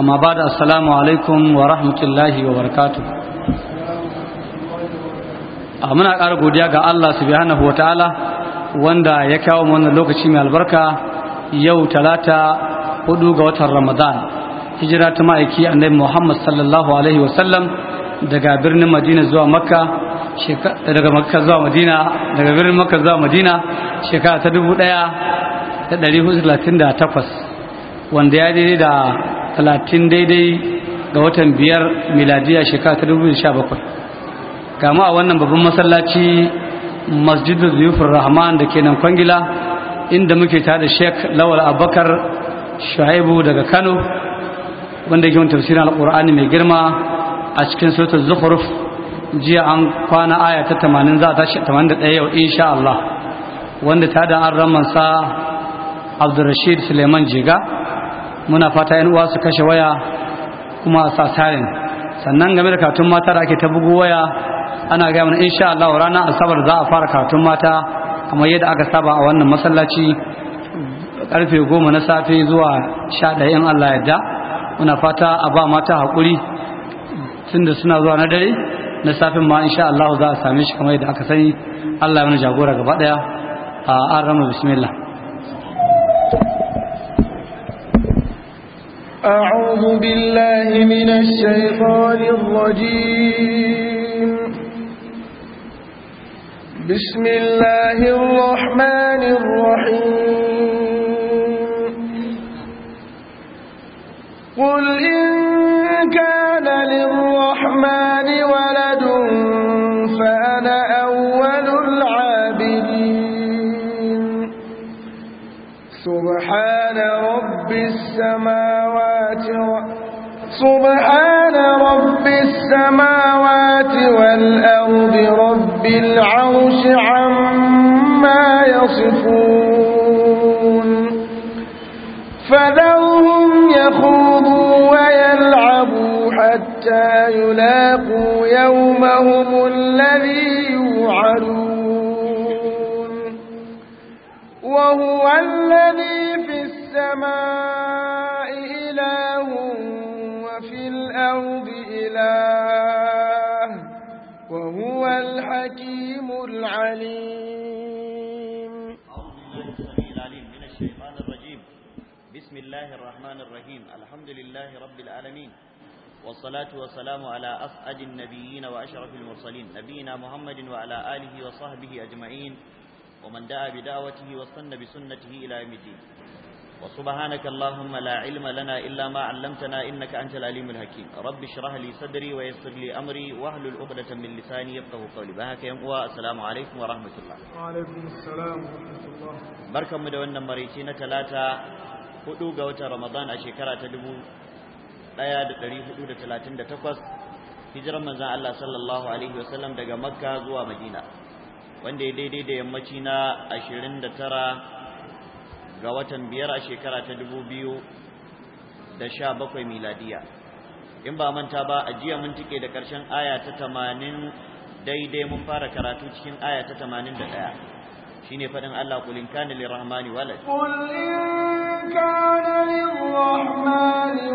amma ba da assalamu alaikum wa rahmatullahi wa barakatu a muna ƙara godiya ga Allah subhanahu wa ta'ala wanda ya kawo wannan lokaci mai albarka yau talata hudu ga watan ramadan hijira ta ma'aiki annabi muhammad sallallahu alaihi wa sallam, daga birnin madina zuwa makka daga makka zuwa madina daga birnin makka zuwa madina shekara ta dubu ɗaya da ɗari hudu talatin da takwas wanda ya daidai da talatin daidai ga watan biyar miladiyya shekara ta dubu sha bakwai gama a wannan babban masallaci masjidu zuyufin rahman da ke nan kwangila inda muke tare da shek lawal abakar shaibu daga kano wanda yake tafsirin alkur'ani mai girma a cikin sautar zuhruf jiya an kwana aya ta tamanin za ta tamanin da ɗaya yau insha Allah wanda ta da an ramansa Abdurrashid Suleiman Jiga muna fata yan uwa su kashe waya kuma a sasarin sannan game da katun mata da ake ta bugu waya ana gaya mana insha Allah ranar asabar za a fara katun mata kamar yadda aka saba a wannan masallaci karfe goma na safe zuwa sha ɗaya in Allah yadda muna fata a ba mata haƙuri da suna zuwa na dare na safin ma insha Allah za a same shi kamar yadda aka sani Allah ya mana jagora gaba ɗaya a an rama bismillah أعوذ بالله من الشيطان الرجيم بسم الله الرحمن الرحيم قل إن كان للرحمن ولد فأنا أول العابدين سبحان رب السماوات السماوات سبحان رب السماوات والأرض رب العرش عما يصفون فذرهم يخوضوا ويلعبوا حتى يلاقوا يومهم الذي يوعدون وهو الذي في السماوات إله وفي الأرض إله وهو الحكيم العليم أعوذ بالله من الشيطان الرجيم بسم الله الرحمن الرحيم الحمد لله رب العالمين والصلاة والسلام على أسعد النبيين وأشرف المرسلين نبينا محمد وعلى آله وصحبه أجمعين ومن دعا بدعوته واستنى بسنته إلى يوم الدين وسبحانك اللهم لا علم لنا إلا ما علمتنا إنك أنت العليم الحكيم رب اشرح لي صدري ويسر لي أمري واحلل عقدة من لساني يفقهوا قولي بهاك يا السلام عليكم ورحمة الله وعليكم السلام ورحمة الله بركة مدونة مريتين ثلاثة hudu ga watan Ramadan a shekara ta 1438 hijiran manzon Allah sallallahu alaihi wasallam daga Makka zuwa Madina wanda ya daidai da yammaci na 29 ga watan biyar a shekara ta dubu biyu da sha bakwai miladiya in ba manta ba a jiya mun tike da ƙarshen aya ta tamanin daidai mun fara karatu cikin aya ta tamanin da ɗaya ne faɗin Allah kulin kana lirrahmani walad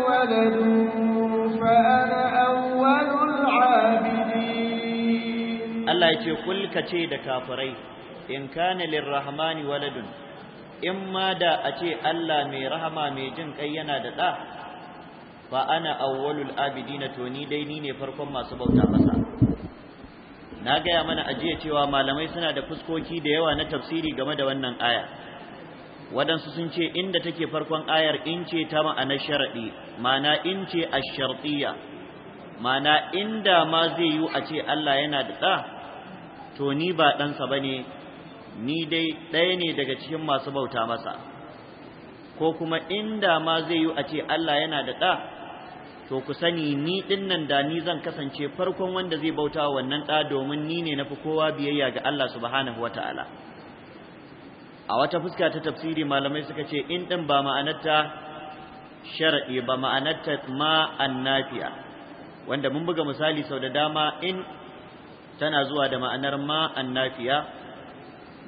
walad Allah ya ce kulka Allah da kafirai in kana lirrahmani waladun in ma da a ce Allah mai rahama mai jin kai yana da ɗa fa ana awwalul abidina to ni dai ni ne farkon masu bauta masa na gaya mana ajiya cewa malamai suna da fuskoki da yawa na tafsiri game da wannan aya waɗansu sun ce inda take farkon ayar in ce ta ma'anar sharaɗi ma'ana in ce ashartiya ma'ana inda ma zai yiwu a ce Allah yana da ɗa to ni ba ɗansa ba ne ni dai ɗaya ne daga cikin masu bauta masa ko kuma inda ma zai yi a ce Allah yana da ɗa to ku sani ni ɗin nan da ni zan kasance farkon wanda zai bauta wannan ɗa domin ni ne na fi kowa biyayya ga Allah subhanahu wa ta'ala a wata fuska ta tafsiri malamai suka ce in ɗin ba ma'anarta sharaɗi ba ma'anarta ma annafiya wanda mun buga misali sau da dama in tana zuwa da ma'anar ma annafiya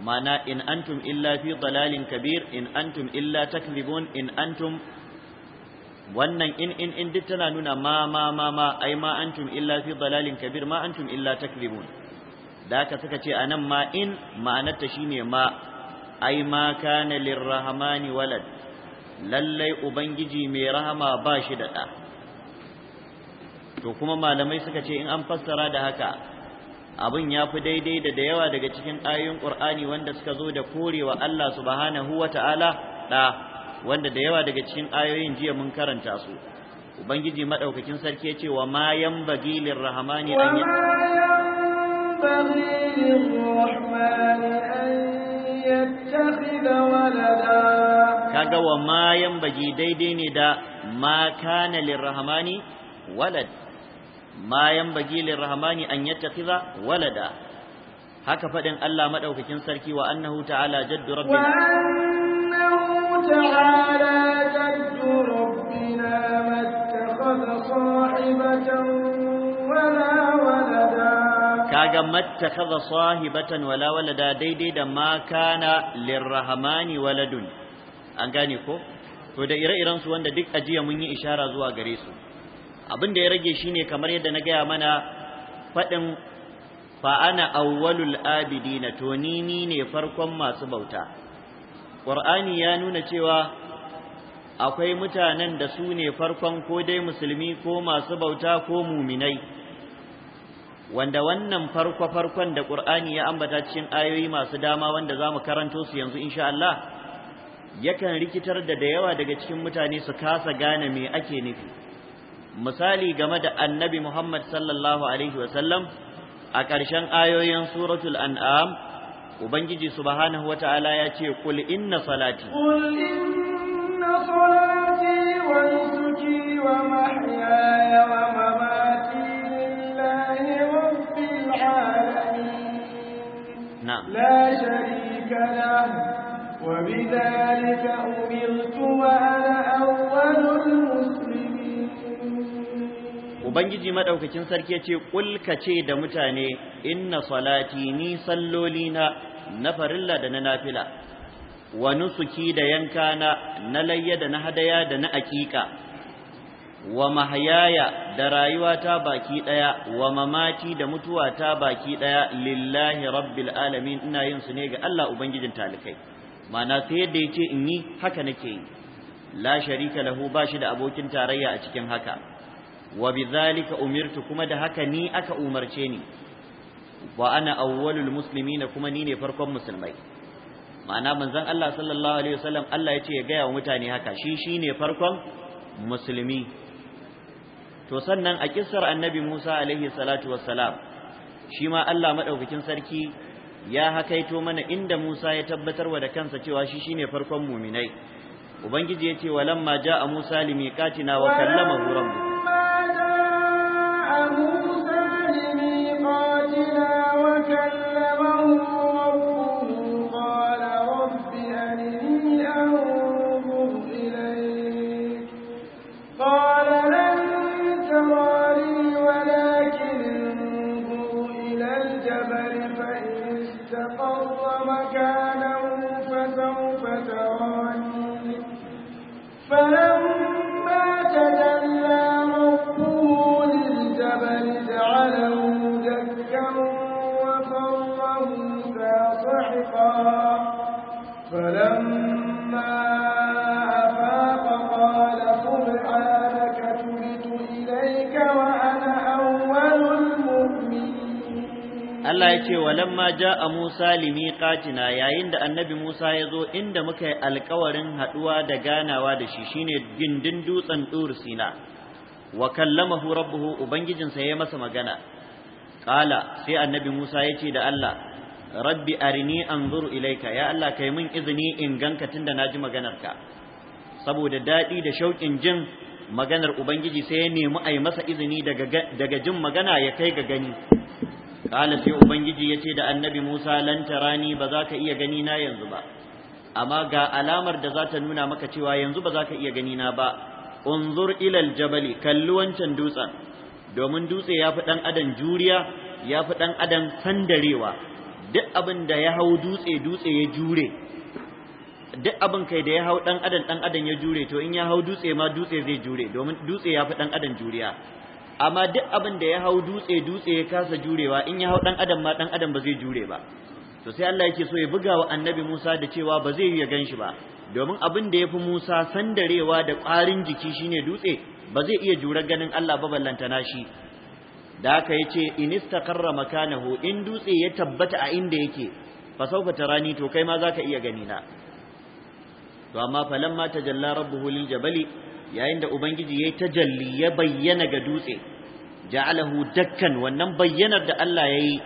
Ma'ana in antum illa fi dalalin kabir in antum illa takdhibun in antum wannan in in in duk tana nuna ma ma ma ma ai ma antum illa fi dalalin kabir ma antum illa takdhibun da haka suka ce anan ma in ma'anarta shine ma ai ma kana lirrahmani walad lallai ubangiji mai rahama ba shi da d'a. to kuma malamai suka ce in an fassara da haka abin ya fi daidai da da yawa daga cikin ayoyin qur'ani wanda suka zo da korewa Allah subhanahu wata'ala da wanda da yawa daga cikin ayoyin jiya mun karanta su ubangiji madaukakin sarki yace wa ma yanbaghi lirrahmani an kaga wa ma bagi daidai ne da ma kana lirrahmani walad ma yanbaghi lirrahmani an yattakhidha walada haka fadin Allah madaukakin sarki wa annahu ta'ala jaddu rabbina wa annahu ta'ala jaddu rabbina mattakhadha sahibatan wala walada kaga mattakhadha sahibatan wala walada daidai da ma kana waladun an gane ko to da ire-iren su wanda duk ajiya mun yi ishara zuwa gare su abin da ya rage shi ne kamar yadda na gaya mana faɗin fa'ana ana awwalul abidina to ni ni ne farkon masu bauta qur'ani ya nuna cewa akwai mutanen da su ne farkon ko dai musulmi ko masu bauta ko muminai wanda wannan farko farkon da ƙwar'ani ya ambata cikin ayoyi masu dama wanda za mu karanto su yanzu insha Allah yakan rikitar da da yawa daga cikin mutane su kasa gane me ake nufi misali game da annabi Muhammad sallallahu alaihi wasallam a ƙarshen ayoyin suratul an'am ubangiji subhanahu wata'ala ya ce qul inna salati qul inna salati wa nusuki wa mahyaya wa mamati lillahi rabbil alamin na'am la sharika lah wa bidhalika umirtu wa ana awwalul muslimin ubangiji madaukakin sarki ya ce ƙulka ce da mutane inna salati ni salloli na na farilla da na nafila wa nusuki da yanka na na layya da na hadaya da na aƙiƙa wa mahayaya da rayuwa ta baki ɗaya, wa mamati da mutuwa ta baki ɗaya, lillahi rabbil alamin ina yin su ne ga Allah ubangijin talikai mana sai yadda ya ce in yi haka nake yi la sharika lahu shi da abokin tarayya a cikin haka wa bidhalika umirtu kuma da haka ni aka umarce ni wa ana awwalul muslimina kuma ni ne farkon musulmai ma'ana manzon Allah sallallahu alaihi wasallam Allah ya ce ya gaya wa mutane haka shi shine farkon musulmi to sannan a kissar annabi Musa alaihi salatu wassalam shi ma Allah madaukakin sarki ya hakaito mana inda Musa ya tabbatarwa da kansa cewa shi shine farkon muminai ubangiji yace walamma jaa Musa limiqatina wa kallama rabbuh موسى لميقاتنا وكلمه Allah ya ce walamma ja'a Musa limiqatina yayin da annabi Musa ya zo inda muka yi alƙawarin haduwa da ganawa da shi shine gindin dutsen Dur Sina wa kallamahu rabbuhu ubangijinsa ya masa magana qala sai annabi Musa ya ce da Allah rabbi arini anzur ilaika ya Allah kai mun izini in ganka tunda naji maganarka saboda dadi da shauƙin jin maganar ubangiji sai ya nemi a yi masa izini daga jin magana ya kai ga gani Kala sai ubangiji ce da annabi Musa lan tarani ba za ka iya gani na yanzu ba amma ga alamar da za ta nuna maka cewa yanzu ba za ka iya gani na ba unzur ilal jabali kalli wancan dutsen domin dutse ya fi dan adam juriya ya fi dan adam sandarewa duk abin da ya hau dutse dutse ya jure duk abin kai da ya hau dan adam dan adam ya jure to in ya hau dutse ma dutse zai jure domin dutse ya fi dan adam juriya amma duk abin da ya hau dutse dutse ya kasa jurewa in ya hau ɗan adam ma dan adam ba zai jure ba to sai Allah yake so ya buga wa annabi Musa da cewa ba zai ya shi ba domin abin da ya fi Musa sandarewa da ƙwarin jiki shine dutse ba zai iya jure ganin Allah ba ballantana shi da ya ce in istaqarra makanahu in dutse ya tabbata a inda yake fa sauka tarani to kai ma zaka iya gani na to amma falamma tajalla rabbuhu lil jabali yayin da ubangiji yayi tajalli ya bayyana ga dutse ja'alahu dakkan wannan bayyanar da Allah yayi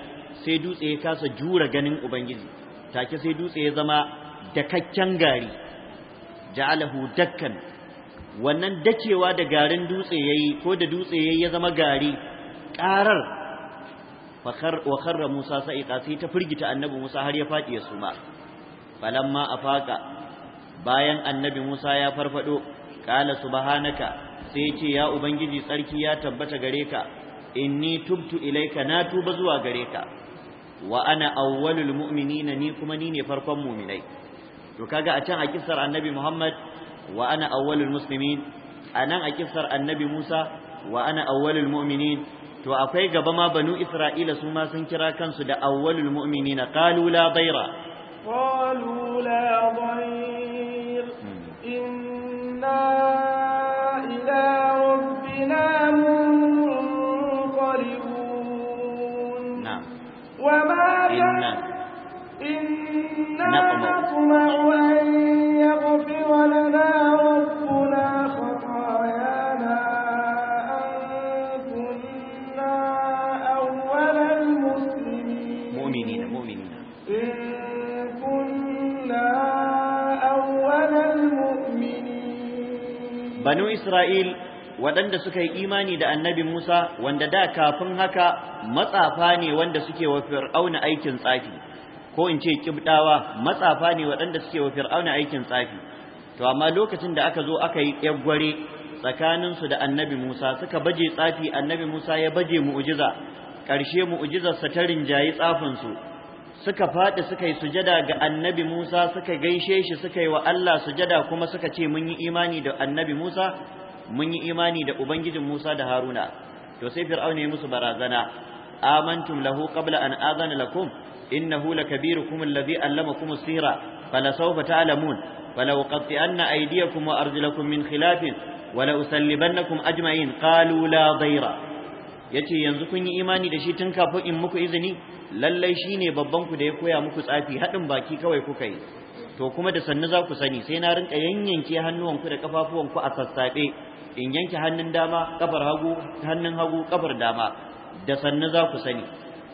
sai dutse ya kasa jura ganin ubangiji take sai dutse ya zama dakakken gari ja'alahu dakkan wannan dakewa da garin dutse yayi ko da dutse yayi ya zama gari Ƙarar wa kharra Musa sa'iqa sai ta firgita annabi Musa har ya faɗi ya suma falamma afaka bayan annabi Musa ya farfaɗo. qala subhanaka sai ce ya ubangiji tsarki ya tabbata gare ka inni tubtu ilaika na tuba zuwa gare ka wa ana awwalul mu'minina ni kuma ni ne farkon mu'minai to kaga a can a kissar annabi Muhammad wa ana awwalul muslimin anan a kissar annabi Musa wa ana awwalul mu'minin to akwai gaba ma banu Isra'ila su ma sun kira kansu da awwalul mu'minina qalu la dayra نطمع أن يغفر waɗanda suka yi imani da annabi Musa wanda da kafin haka matsafa ne wanda suke wa Fir'auna aikin tsafi ko in ce kibdawa matsafa ne waɗanda suke wa fir'auna aikin tsafi to amma lokacin da aka zo aka yi tsakanin tsakaninsu da annabi musa suka baje tsafi annabi musa ya baje mu'ujiza ƙarshe mu'ujizarsa ta rinjayi tsafinsu suka faɗi suka yi sujada ga annabi musa suka gaishe shi suka yi wa allah sujada kuma suka ce mun yi imani da annabi musa mun yi imani da ubangijin musa da haruna to sai fir'auna ya musu barazana amantum lahu qabla an azana lakum إنه لكبيركم الذي علمكم السحر فلسوف تعلمون فلأقطعن أيديكم وأرجلكم من خلاف ولأسلبنكم أجمعين قالوا لا ضير yace yanzu kun yi imani da shi tun kafin in muku izini lallai shine babban ku da ya koya muku tsafi haɗin baki kawai kuka yi to kuma da sannu za ku sani sai na rinka yanyanke hannuwanku da kafafuwan ku a sassaɓe, in yanke hannun dama kafar hagu hannun hagu kafar dama da sannu za ku sani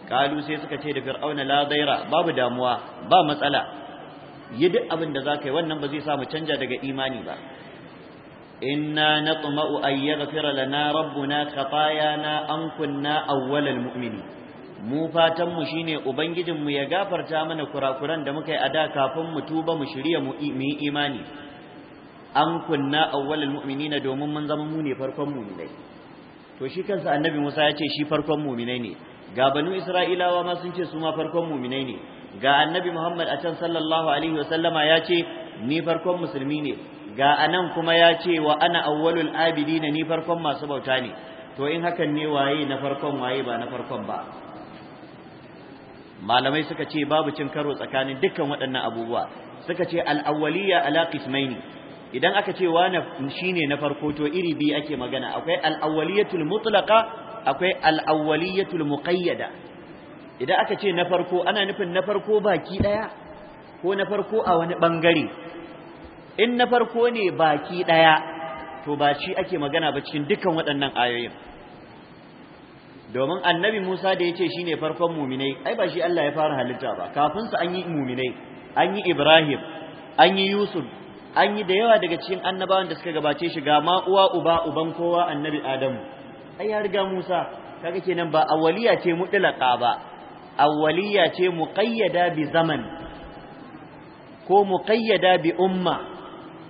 kalu sai suka ce da fir'auna la daira babu damuwa ba matsala yi duk abin da zaka yi wannan ba zai sa mu canja daga imani ba inna natma'u an yaghfira lana rabbuna khatayana an kunna awwalal mu'minin mu fatan mu shine ubangijin mu ya gafarta mana kurakuran da muka yi a da kafin mu tuba mu shirya mu yi imani an kunna awwalal mu'minin domin mun zama mu ne farkon mu'minai to shi kansa annabi Musa ya ce shi farkon mu'minai ne ga banu isra'ilawa ma sun ce su ma farkon muminai ne ga annabi muhammad a can sallallahu alaihi wasallama ya ce ni farkon musulmi ne ga anan kuma ya ce wa ana awwalul abidina ni farkon masu bauta ne to in hakan ne waye na farkon waye ba na farkon ba malamai suka ce babu cin karo tsakanin dukkan waɗannan abubuwa suka ce al'awwaliya ala qismaini idan aka ce wani shine na farko to iri biyu ake magana akwai al'awwaliyatul mutlaqa akwai al-awwaliyatul muqayyada idan aka ce na farko ana nufin na farko baki daya ko na farko a wani bangare in na farko ne baki ɗaya, to ba shi ake magana ba cikin dukkan waɗannan ayoyin domin annabi Musa da ya shi shine farkon muminai ai ba shi Allah ya fara halitta ba kafin su an yi muminai an yi Ibrahim an yi Yusuf an yi da yawa daga cikin annabawan da suka gabace shi ga ma uwa uba uban kowa annabi Adamu ai ya riga Musa kaga kenan ba awwaliya ce mutlaqa ba awwaliya ce muqayyada bi zaman ko muqayyada bi umma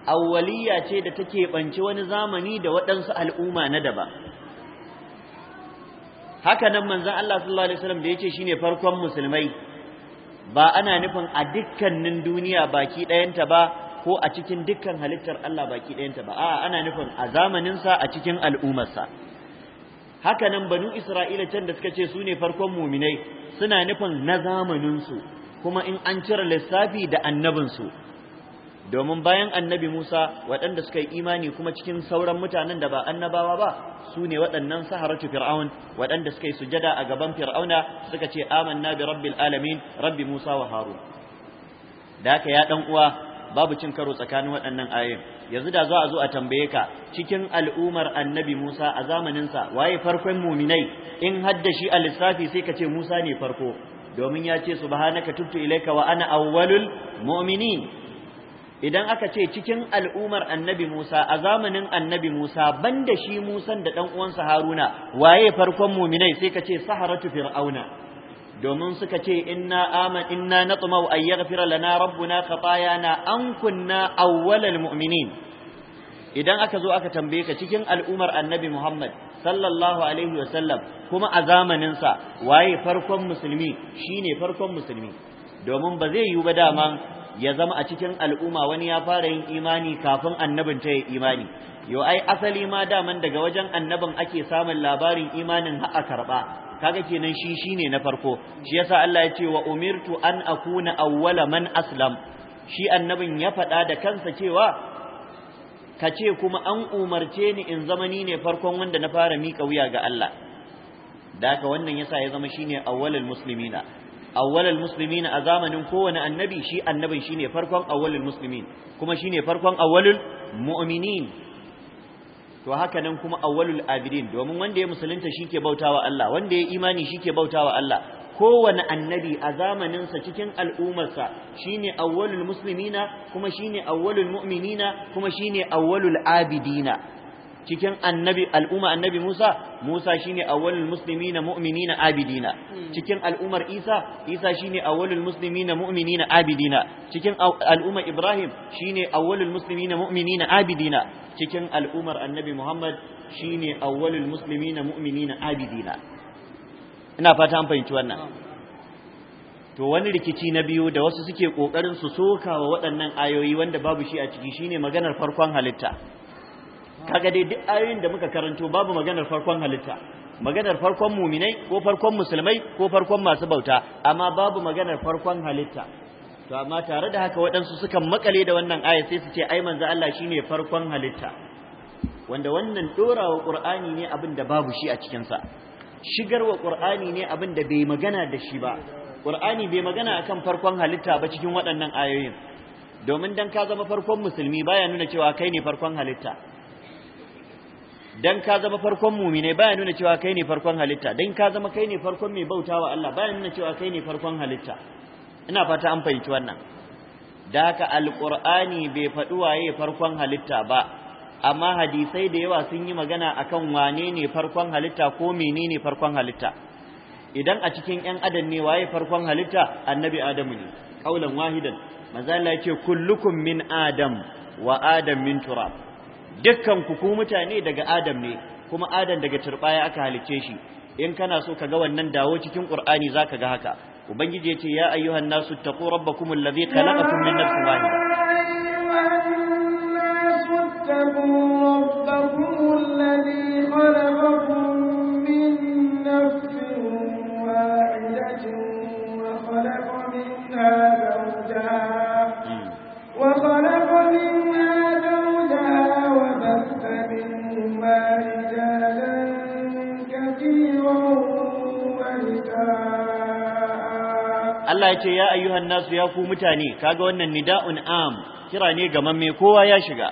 awwaliya ce da take banci wani zamani da waɗansu al'umma na daba haka nan manzon Allah sallallahu alaihi wasallam da yace shine farkon musulmai ba ana nufin a dukkanin duniya baki ɗayanta ba ko a cikin dukkan halittar Allah baki ɗayanta ba a'a ana nufin a zamaninsa a cikin al'umarsa haka nan banu isra'ila can da suka ce su ne farkon muminai suna nufin na zamaninsu kuma in an cire lissafi da annabinsu domin bayan annabi musa waɗanda suka yi imani kuma cikin sauran mutanen da ba annabawa ba su ne waɗannan saharatu fir'aun waɗanda suka yi sujada a gaban fir'auna suka ce amanna bi rabbil alamin rabbi musa wa harun da haka ya ɗan uwa babu cin karo tsakanin waɗannan ayoyin yanzu da za a zo a tambaye ka cikin al'umar annabi Musa a zamaninsa waye farkon muminai in hadda shi a lissafi sai ka ce Musa ne farko domin ya ce subhanaka tubtu ilaika wa ana awwalul mu'minin idan aka ce cikin al'umar annabi Musa a zamanin annabi Musa banda shi Musan da dan uwansa Haruna waye farkon muminai sai ka ce saharatu fir'auna domin suka ce inna aman inna natmau ay yaghfira lana rabbuna khatayana an kunna awwalal mu'minin idan aka zo aka tambaye ka cikin al'umar annabi Muhammad sallallahu alaihi wasallam kuma a zamanin sa waye farkon musulmi shine farkon musulmi domin ba zai yiwu ba dama ya zama a cikin al'umma wani ya fara yin imani kafin annabin ta yi imani yo ai asali ma daman daga wajen annabin ake samun labarin imanin har a karba kaga kenan shi shine na farko shi yasa Allah ya ce wa umirtu an akuna awwala man aslam shi annabin ya faɗa da kansa cewa ka ce kuma an umarce ni in zama ni ne farkon wanda na fara mika wuya ga Allah da haka wannan yasa ya zama shine awwalul muslimina awwalul muslimina a zamanin kowane annabi shi annabin shine farkon awwalul muslimin kuma shine farkon awwalul mu'minin to haka nan kuma awwalul abidin domin wanda ya musulunta shike bautawa Allah wanda ya imani shike bautawa Allah kowane annabi a zamanin sa cikin al'ummarsa shine awwalul muslimina kuma shine awwalul mu'minina kuma shine awwalul abidina cikin annabi al'umma annabi Musa Musa shine awwalul muslimina mu'minina abidina hmm. cikin al'ummar Isa Isa shine awwalul muslimina mu'minina abidina cikin al'umma Ibrahim shine awwalul muslimina mu'minina abidina cikin al'ummar annabi Muhammad shine awwalul muslimina mu'minina abidina ina fata an fahimci wannan hmm. to wani rikici na biyu da wasu suke kokarin su soka wa waɗannan ayoyi wanda babu shi a ciki shine maganar farkon halitta kaga dai duk ayoyin da muka karanto babu maganar farkon halitta maganar farkon muminai ko farkon musulmai ko farkon masu bauta amma babu maganar farkon halitta to amma tare da haka waɗansu sukan makale da wannan aya sai su ce ai manzo Allah shine farkon halitta wanda wannan dorawa qur'ani ne abin da babu shi a cikin sa shigarwa qur'ani ne abin da bai magana da shi ba qur'ani bai magana akan farkon halitta ba cikin waɗannan ayoyin domin dan ka zama farkon musulmi baya nuna cewa kai ne farkon halitta dan ka zama farkon mumine baya nuna cewa kai ne farkon halitta dan ka zama kai ne farkon mai wa Allah baya nuna cewa kai ne farkon halitta ina fata an fahimci wannan da haka alqur'ani bai faɗi waye farkon halitta ba amma hadisai da yawa sun yi magana akan wane ne farkon halitta ko menene farkon halitta idan a cikin ƴan adam ne waye farkon halitta annabi adamu ne kaulan wahidan manzo Allah ya ce kullukum min adam wa adam min turab dukkan ku ku mutane daga adam ne kuma adam daga turbaya aka halicce shi in kana so ka ga wannan dawo cikin qur'ani zaka ga haka ubangiji yace ya ayyuhan nasu taqu rabbakum alladhi khalaqakum min nafsin wahida تَقُوا رَبَّكُمُ ce ya ayyuhan nasu ya ku mutane kaga wannan nida'un am kira ne ga mamme kowa ya shiga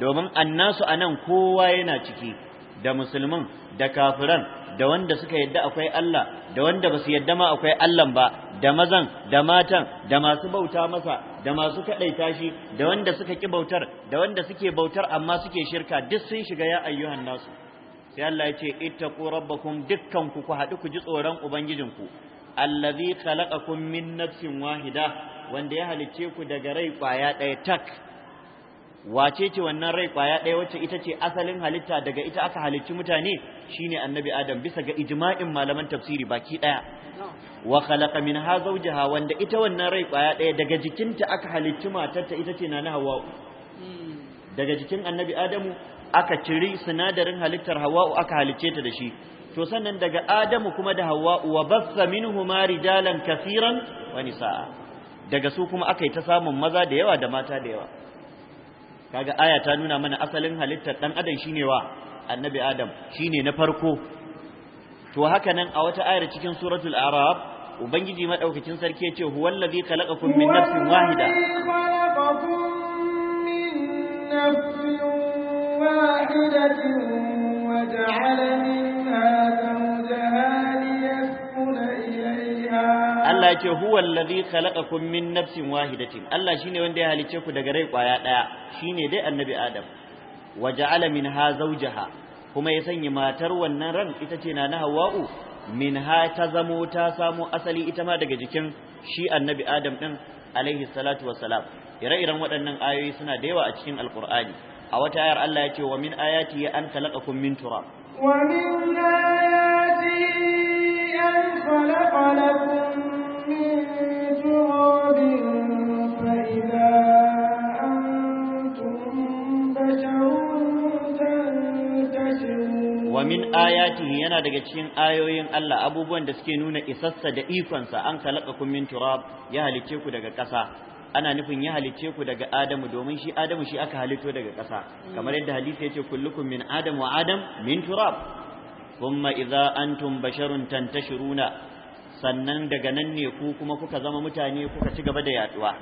domin annasu anan kowa yana ciki da musulmin da kafiran da wanda suka yadda akwai Allah da wanda basu yadda ma akwai Allah ba da mazan da matan da masu bauta masa da masu kadaita shi da wanda suka ki bautar da wanda suke bautar amma suke shirka duk sun shiga ya ayyuhan nasu sai Allah ya ce ittaqu rabbakum dukkan ku ku haɗu ku ji tsoron ubangijinku allazi khalaqakum min nafsin wahida wanda ya halicce ku ɗaya tak wace ce wannan rai ɗaya wacce ita ce asalin halitta daga mutane shine annabi bisa ga ijma'in malaman tafsiri baki ɗaya wa khalaqa minha zawjaha wanda ita hmm. jikin annabi adamu aka ciri sinadarin halittar hawa'u aka ta shi to sannan daga Adamu kuma da Hauwa, wa bassa minhuma rijalan kaseeran wa nisaa daga su kuma akai ta samun maza da yawa da mata da yawa kaga aya ta nuna mana asalin halittar dan adam shine wa annabi Adam shine na farko to haka nan a wata ayar cikin suratul arab ubangiji madaukakin sarki yace huwal ladhi khalaqakum min nafsin wahida khalaqakum min nafsin wahidatin Allah ce huwa allazi khalaqakum min nafsin wahidatin Allah shine wanda ya halice ku daga rai kwaya daya shine dai annabi Adam wa ja'ala minha zawjaha kuma ya sanya matar wannan ran ita ce na Hawwa'u minha ta zamo ta samo asali ita ma daga jikin shi annabi Adam ɗin alaihi salatu wassalam ire-iren waɗannan ayoyi suna da yawa a cikin Alƙur'ani. a wata ayar Allah ya ce wa min ayati an khalaqakum min turab wa min ayati an khalaqa min turabin fa wa min ayatihi yana daga cikin ayoyin Allah abubuwan da suke nuna isassa da ikonsa an kun min turab ya halice ku daga ƙasa ana nufin ya halicce ku daga Adamu domin shi Adamu shi aka halitto daga ƙasa kamar yadda hadisi yace kullukum min Adam wa Adam min turab kuma idza antum basharun tantashiruna sannan daga nan ne ku kuma kuka zama mutane kuka ci gaba da yaduwa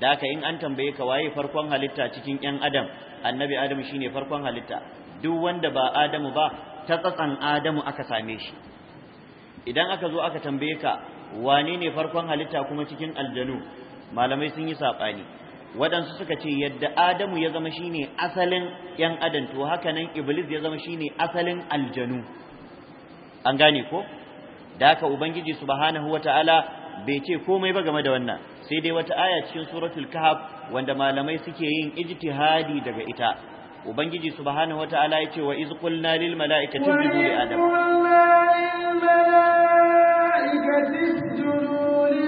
da haka in an tambaye ka waye farkon halitta cikin ƴan Adam annabi Adam shine farkon halitta duk wanda ba Adamu ba ta tsatsan Adamu aka same shi idan aka zo aka tambaye ka wane ne farkon halitta kuma cikin aljanu malamai sun yi saɓani waɗansu suka ce yadda adamu ya zama shine asalin yan adam to haka nan iblis ya zama shine asalin aljanu an gane ko da haka ubangiji subhanahu wataala bai ce komai ba game da wannan sai dai wata aya cikin suratul kahf wanda malamai suke yin ijtihadi daga ita ubangiji subhanahu wataala ce wa iz qulna lil malaikati isjudu li adam wa lil malaikati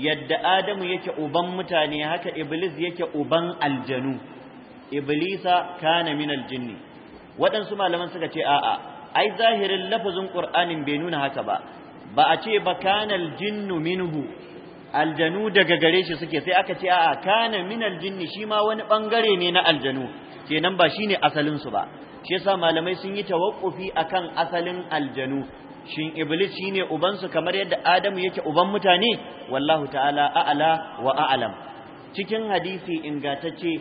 yadda adamu yake uban mutane haka iblis yake uban aljanu iblisa kana min aljinni waɗansu malaman suka ce a'a ai zahirin lafazin qur'anin bai nuna haka ba ba a ce ba kana aljinnu minhu aljanu daga gare shi suke sai aka ce a'a kana min aljinni shi ma wani bangare ne na aljanu kenan ba shine asalin su ba shi yasa malamai sun yi tawakkufi akan asalin aljanu shin iblis shine ubansu kamar yadda adamu yake uban mutane wallahu ta'ala a'ala wa a'lam cikin hadisi ingatacce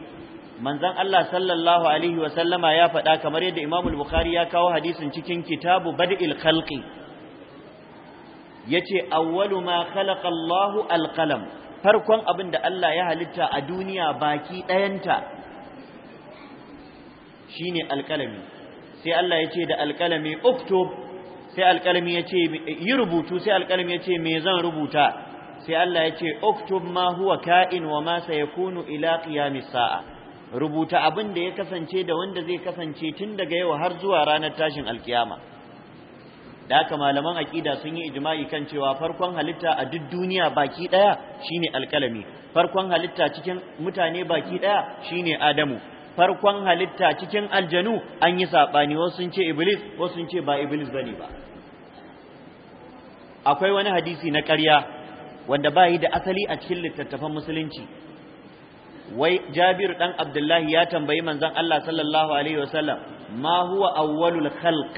manzon Allah sallallahu alaihi wa sallama ya faɗa kamar yadda Imam al-Bukhari ya kawo hadisin cikin kitabu Bad'il Khalqi yace awwalu ma khalaqa Allahu al-qalam farkon abin da Allah ya halitta a duniya baki ɗayanta shine alƙalami sai Allah ya ce da alƙalami uktub sai alƙalmi ya ce yi rubutu sai alƙalmi ya ce me zan rubuta sai Allah ya ce oktub ma huwa ka'in wa ma sayakunu ila qiyamis sa'a rubuta abin da ya kasance da wanda zai kasance tun daga yau har zuwa ranar tashin alkiyama da haka malaman aqida sun yi ijma'i kan cewa farkon halitta a duk duniya baki daya shine alƙalami farkon halitta cikin mutane baki daya shine adamu farkon halitta cikin aljanu an yi saɓani wasu sun ce iblis wasu sun ce ba iblis bane ba akwai wani hadisi na ƙarya wanda ba yi da asali a cikin littattafan musulunci wai jabir dan abdullahi ya tambayi manzon Allah sallallahu alaihi wasallam ma huwa awwalul khalq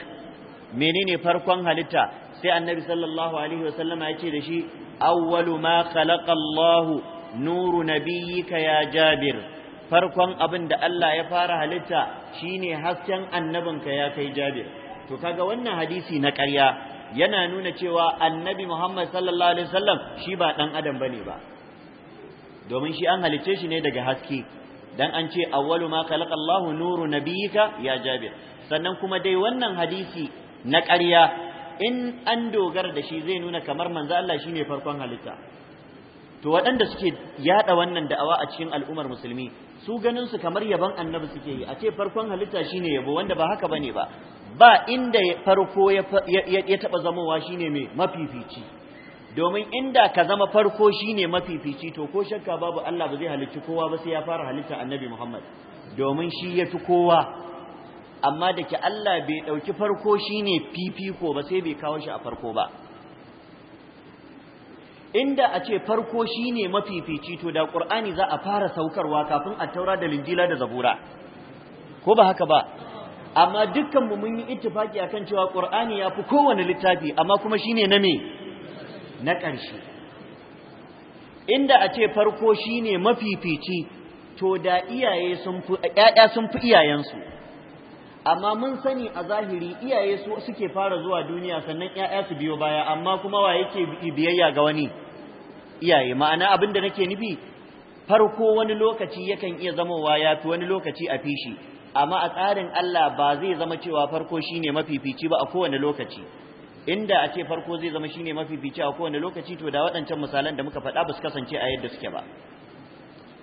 menene farkon halitta sai annabi sallallahu alaihi wasallama ya ce da shi awwalu ma khalaqa Allah nuru nabiyyika ya jabir farkon abin da Allah ya fara halitta shine hasken annabinka ya kai jabir to kaga wannan hadisi na ƙarya yana nuna cewa annabi Muhammad sallallahu alaihi wasallam shi ba dan adam bane ba domin shi an halicce shi ne daga haske dan an ce awwalu ma khalaqa Allahu nuru nabiyyika ya Jabir sannan kuma dai wannan hadisi na ƙarya in an dogara da shi zai nuna kamar manzo Allah shine farkon halitta to waɗanda suke yada wannan da'awa a cikin al'ummar musulmi su ganin su kamar yaban annabi suke yi a ce farkon halitta shine yabo wanda ba haka bane ba ba inda farko ya taba zamowa shine mai mafifici domin inda ka zama farko shine mafifici to ko shakka babu Allah ba zai halicci kowa ba sai ya fara halitta annabi Muhammad domin shi ya fi kowa amma da Allah bai ɗauki farko shine fifiko ba sai bai kawo shi a farko ba inda a ce farko shi ne mafifici to da qur'ani za a fara saukarwa kafin a taura da linjila da zabura ko ba haka ba amma dukkan mu mun yi ittifaki akan cewa qur'ani fi kowane littafi amma kuma ne na me na ƙarshe inda a ce farko shi ne mafifici to da iyaye sun fi iyayensu amma mun sani a zahiri iyaye su suke fara zuwa duniya sannan ƴaƴa su biyo baya amma kuma wa yake biyayya ga wani iyaye ma'ana abin da nake nufi farko wani lokaci yakan iya wa ya fi wani lokaci a fishi amma a tsarin Allah ba zai zama cewa farko shine mafifici ba a kowane lokaci inda a ce farko zai zama shine mafifici a kowane lokaci to da waɗancan misalan da muka faɗa ba su kasance a yadda suke ba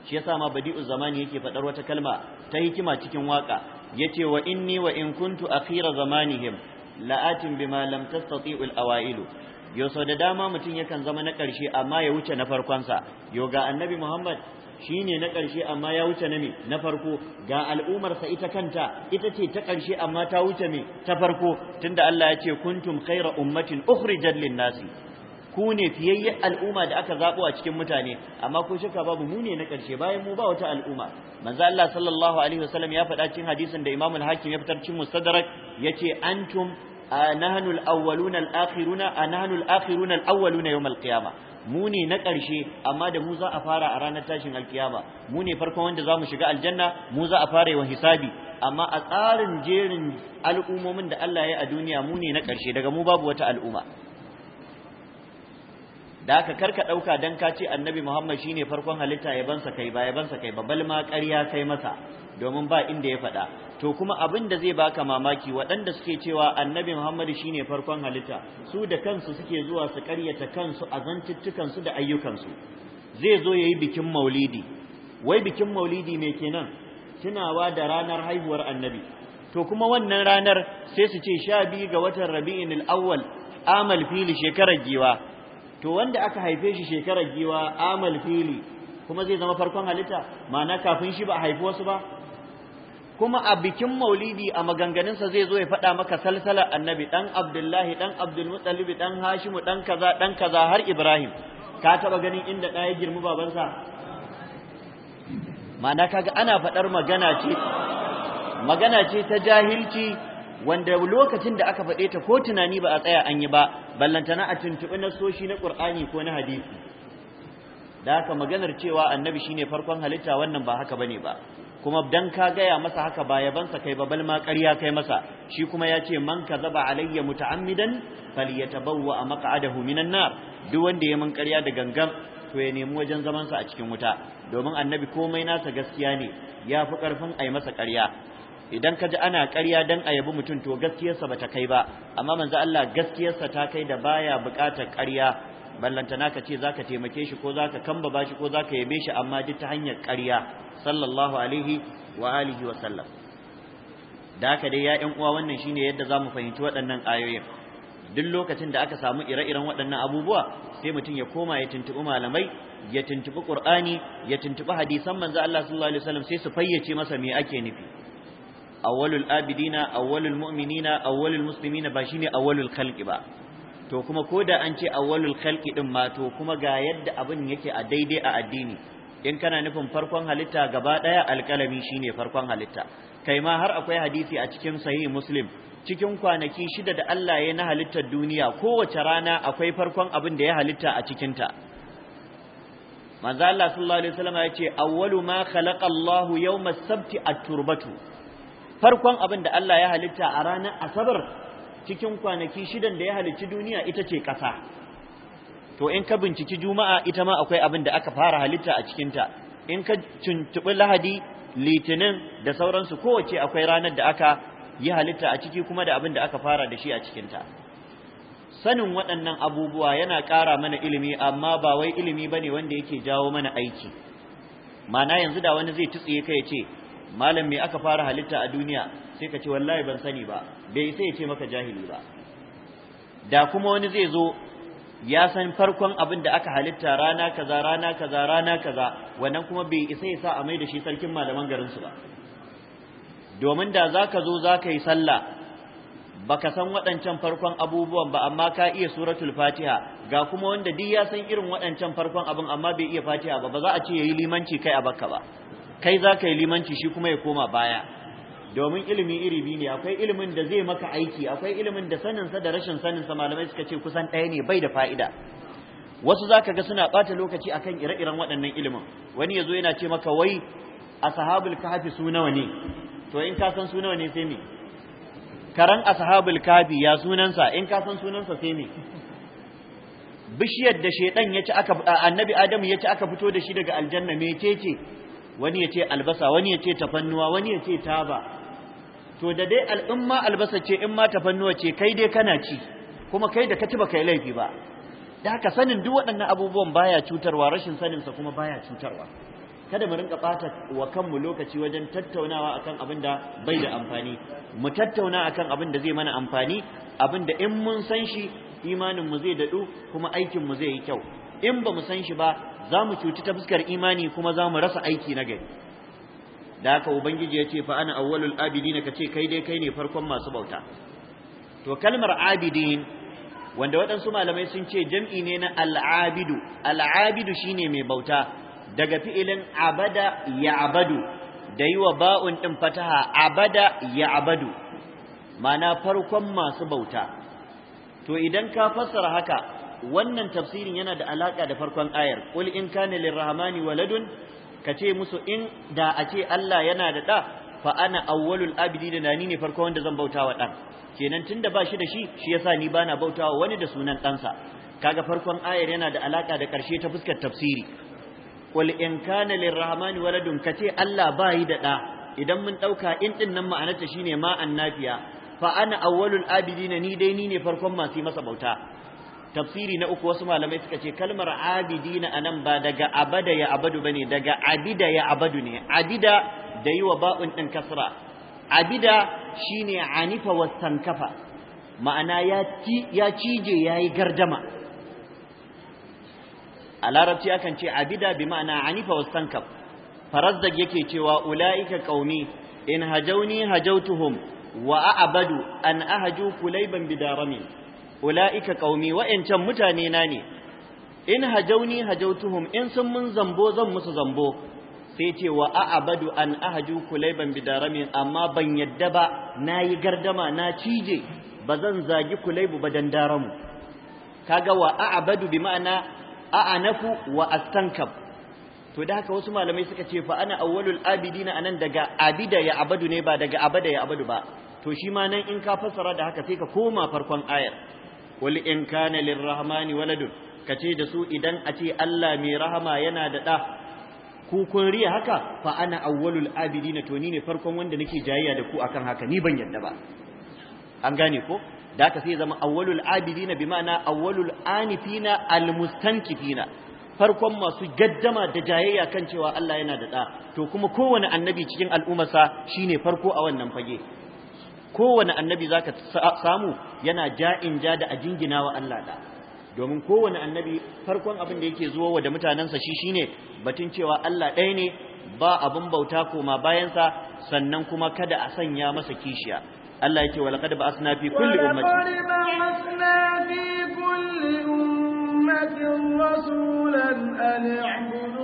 shi yasa ma badi'u zamani yake faɗar wata kalma ta hikima cikin waka yace wa inni wa in kuntu akhira zamanihim la'atin bima lam tastati'u al-awailu yo da dama mutum yakan zama na ƙarshe amma ya wuce na farkonsa yo ga annabi Muhammad shine na ƙarshe amma ya wuce na me na farko ga al'ummarsa ita kanta ita ce ta ƙarshe amma ta wuce me ta farko tunda Allah ya ce kuntum kaira ummatin ukhrijat lin-nasi ku ne fiyayyen al'umma da aka zabo a cikin mutane amma ko shakka babu mu ne na ƙarshe bayan mu ba wata al'umma manzo Allah sallallahu alaihi wasallam ya faɗa cikin hadisin da Imam al-Hakim ya fitar cikin Mustadrak yace antum nahnu al-awwaluna al-akhiruna nahnu al-akhiruna al-awwaluna yawm al-qiyamah mu ne na ƙarshe amma da mu za a fara a ranar tashin alkiyama mu ne farkon wanda za mu shiga aljanna mu za a fara yawan hisabi amma a tsarin jerin al'ummomin da Allah ya a duniya mu ne na ƙarshe daga mu babu wata al'umma da aka karka ɗauka dan ka ce annabi Muhammad shine farkon halitta yabansa kai ba yabansa kai ba bal ma ƙarya kai masa domin ba inda ya faɗa to kuma abin da zai baka mamaki waɗanda suke cewa annabi Muhammad shine farkon halitta su da kansu suke zuwa su ƙaryata kansu a zantuttukan da ayyukansu zai zo yayi bikin maulidi wai bikin maulidi me kenan tunawa da ranar haihuwar annabi to kuma wannan ranar sai su ce sha biyu ga watan rabi'in al-awwal amal fili shekarar giwa to wanda aka haife shi shekarar giwa amal fili kuma zai zama farkon halitta ma'ana kafin shi ba a haifi wasu ba kuma a bikin maulidi a maganganunsa zai zo ya faɗa maka salsalar annabi Dan abdullahi ɗan abdulmuttalib Dan hashimu Dan kaza Dan kaza har ibrahim ka taɓa ganin inda ya girmi babansa ma'ana kaga ana faɗar magana ce magana ce ta jahilci wanda lokacin da aka faɗe ta ko tunani ba a tsaya an yi ba ballantana a tuntuɓi na soshi na ƙur'ani ko na hadisi da haka maganar cewa annabi shine farkon halitta wannan ba haka bane ba kuma dan ka gaya masa haka ba yabansa kai ba balma ƙarya kai masa shi kuma ya ce man zaba alayya muta'ammidan falyatabawwa maq'adahu minan nar duk wanda ya man ƙarya da gangan to ya nemi wajen zaman sa a cikin wuta domin annabi komai nasa gaskiya ne ya fi ƙarfin ai masa ƙarya idan ka ji ana ƙarya don a yabi mutum to gaskiyarsa bata kai ba amma manzo Allah gaskiyarsa ta kai da baya buƙatar ƙarya ballantana ka ce zaka taimake shi ko zaka ba shi ko zaka yabe shi amma duk ta hanyar ƙarya sallallahu alaihi wa alihi wa sallam da haka dai ya ƴan uwa wannan shine yadda zamu fahimci waɗannan ayoyin duk lokacin da aka samu ire-iren waɗannan abubuwa sai mutum ya koma ya tuntuɓi malamai ya tuntuɓi ƙur'ani ya tuntuɓi hadisan manzo Allah sallallahu alaihi wasallam sai su fayyace masa me ake nufi awwalul abidina awwalul mu'minina awwalul muslimina ba shine awwalul khalqi ba to kuma ko da an ce awwalul khalqi din ma to kuma ga yadda abin yake a daidai a addini in kana nufin farkon halitta gaba daya alkalami shine farkon halitta kai ma har akwai hadisi a cikin sahih muslim cikin kwanaki shida da Allah ya na halittar duniya kowace rana akwai farkon abin da ya halitta a cikinta manzo Allah sallallahu alaihi wasallam ya ce awwalu ma khalaqa Allahu yawma as-sabti at-turbatu farkon abin da Allah ya halitta a ranar asabar cikin kwanaki shidan da ya halicci duniya ita ce ƙasa to in ka binciki juma'a ita ma akwai abin da aka fara halitta a cikinta in ka tuntuɓi lahadi litinin da sauransu kowace akwai ranar da aka yi halitta a ciki kuma da abin da aka fara da shi a cikinta sanin waɗannan abubuwa yana ƙara mana ilimi amma ba wai ilimi ba ne wanda yake jawo mana aiki mana yanzu da wani zai tutsiye ka ya ce malam me aka fara halitta a duniya sai ka ce wallahi ban sani ba bai sai ya ce maka jahili ba da kuma wani zai zo ya san farkon abin da aka halitta rana kaza rana kaza rana kaza wannan kuma bai isa ya sa a mai da shi sarkin malaman garin su ba domin da zaka zo zaka yi sallah baka san waɗancan farkon abubuwan ba amma ka iya suratul fatiha ga kuma wanda duk ya san irin waɗancan farkon abin amma bai iya fatiha ba ba za a ce yayi limanci kai a bakka ba kai za ka yi limanci shi kuma ya koma baya domin ilimi iri biyu ne akwai ilimin da zai maka aiki akwai ilimin da saninsa da rashin saninsa malamai suka ce kusan ɗaya ne bai da fa'ida wasu za ka ga suna ɓata lokaci akan ire-iren waɗannan ilimin wani ya zo yana ce maka wai ashabul kahfi su nawa ne to in ka san su nawa ne sai me karan ashabul kahfi ya sunansa in ka san sunansa sai me bishiyar da shedan ya ci aka annabi Adamu ya ci aka fito da shi daga aljanna Me ce? wani ya ce albasa wani ya ce tafannuwa wani ya ce taba to da dai al'umma albasa ce in ma tafannuwa ce kai dai kana ci kuma kai da ka ci baka yi laifi ba da haka sanin duk waɗannan abubuwan baya cutarwa rashin sanin sa kuma baya cutarwa kada mu rinka ɓata wa kanmu lokaci wajen tattaunawa akan abin da bai da amfani mu tattauna akan abin da zai mana amfani abin da in mun san shi imanin mu zai daɗu kuma aikinmu zai yi kyau in ba mu san shi ba za mu cuci ta fuskar imani kuma za mu rasa aiki na gari da haka ubangiji ya ce fa ana awwalul abidin ka ce kai dai kai ne farkon masu bauta to kalmar abidin wanda waɗansu malamai sun ce jam'i ne na al'abidu al'abidu shine mai bauta daga fi'ilin abada ya abadu da yi wa ba'un ɗin fataha abada ya abadu mana farkon masu bauta to idan ka fassara haka wannan tafsirin yana da alaka da farkon ayar qul in kana lirrahmani waladun kace musu in da a ce Allah yana da da fa ana awwalul abidin na ni ne farko wanda zan bautawa dan kenan tunda ba shi da shi shi yasa ni bana bautawa wani da sunan ɗansa kaga farkon ayar yana da alaka da karshe ta fuskar tafsiri qul in kana lirrahmani waladun kace Allah yi da da idan mun dauka in din nan ma'anarta shine ma'an nafiya. fa ana awwalul abidin ni dai ni ne farkon masu masa bauta tafsiri na uku wasu malamai suka ce kalmar abidina anan ba daga abada ya abadu bane daga abida ya abadu ne abida da yi wa ba'un din kasra abida shine anifa wasankafa ma'ana ya ci ya cije yayi gardama a larabci akan ce abida bi ma'ana anifa wasankaf farazzag yake cewa ulaika qaumi in hajawni hajawtuhum wa a'badu an ahaju kulayban bidarami ula'ika qaumi wa'ancan mutane na ne in hajauni hajautuhum in sun mun zambo zan musu zambo sai ce wa a'abadu an ahaju kulayban bidaramin amma ban yadda ba nayi gardama na cije bazan zagi kulaibu ba dan daramu kaga wa a'abadu bi ma'ana a'anafu wa astankab to da haka wasu malamai suka ce fa ana awwalul abidina anan daga abida ya abadu ne ba daga abada ya abadu ba to shi ma nan in ka fassara da haka sai ka koma farkon ayar qul in kana lirrahmani waladun kace da su idan a ce Allah mai rahama yana da da ku kun riya haka fa ana awwalul abidina to ni ne farkon wanda nake jayayya da ku akan haka ni ban yadda ba an gane ko da ka sai zama awwalul abidina bi ma'ana awwalul anifina almustankifina farkon masu gaddama da jayayya kan cewa Allah yana da da to kuma kowane annabi cikin al'ummarsa shine farko a wannan fage kowane annabi zaka samu yana ja'in ja da ajingina wa Allah da domin kowane annabi farkon abin da yake zuwa da mutanensa shi shine batun cewa Allah ɗaya ne ba abin bauta koma bayansa sannan kuma kada a sanya masa kishiya Allah yake wa laqad ba'athna fi kulli ba'athna fi kulli ummatin rasulan an i'budu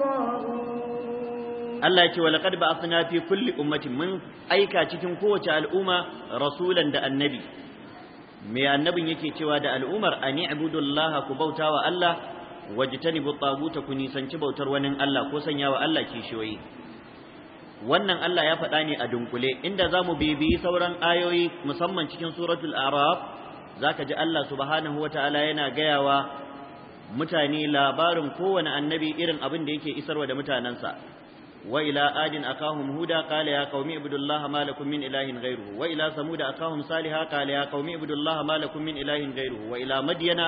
Allah Allah ya ce wa laqad ba'athna fi kulli mun aika cikin kowace al'umma rasulan da annabi me annabin yake cewa da al'umar an ibudullaha ku bautawa Allah wajtanibu taguta ku nisanci bautar wani Allah ko sanyawa Allah kishiyoyi wannan Allah ya faɗa ne a dunkule inda zamu bibiyi sauran ayoyi musamman cikin suratul a'raf zaka ji Allah subhanahu wataala yana gayawa mutane labarin kowane annabi irin abin da yake isarwa da mutanensa وإلى آد أخاهم هودا قال يا قوم اعبدوا الله ما لكم من إله غيره وإلى ثمود أخاهم صالحا قال يا قوم اعبدوا الله ما لكم من إله غيره وإلى مدين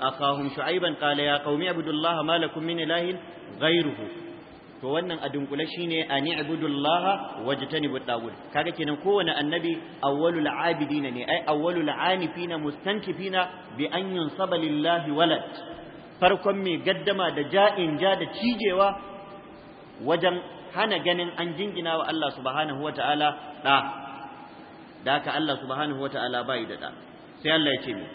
أخاهم شعيبا قال يا قوم اعبدوا الله ما لكم من إله غيره to wannan a dunkule shine an kaga kenan kowane annabi awwalul abidina ne ai awwalul anifina mustankifina bi an yunsaba lillahi walad farkon mai gaddama da ja'in ja da cijewa wajen hana ganin an jingina wa Allah subhanahu wata'ala da da haka Allah subhanahu wata'ala bai da da sai Allah ya ce mi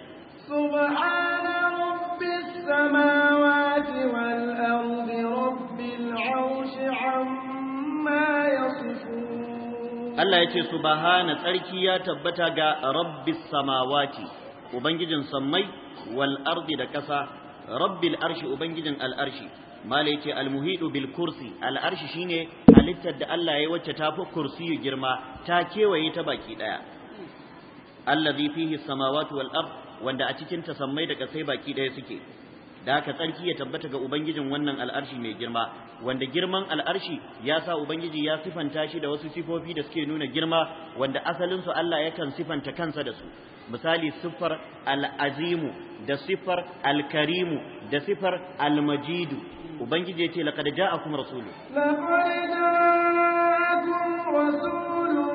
subhana rabbis samawati wal ardi rabbil arshi amma yasifun Allah ya ce subhana tsarki ya tabbata ga rabbis samawati ubangijin sammai wal ardi da ƙasa, rabbil arshi ubangijin al'arshi. malai ce almuhidu bil kursi al'arshi shine halittar da Allah ya wacce ta fi kursi girma ta kewaye ta baki daya allazi fihi samawati wal ard wanda a cikin ta sammai da kasai baki daya suke da haka tsarki ya tabbata ga ubangijin wannan al'arshi mai girma wanda girman al'arshi ya sa ubangiji ya sifanta shi da wasu sifofi da suke nuna girma wanda asalin su Allah yakan sifanta kansa da su misali siffar al'azimu da siffar alkarimu da siffar almajidu ubangiji ya ce ja'akum ja a kuma rasulun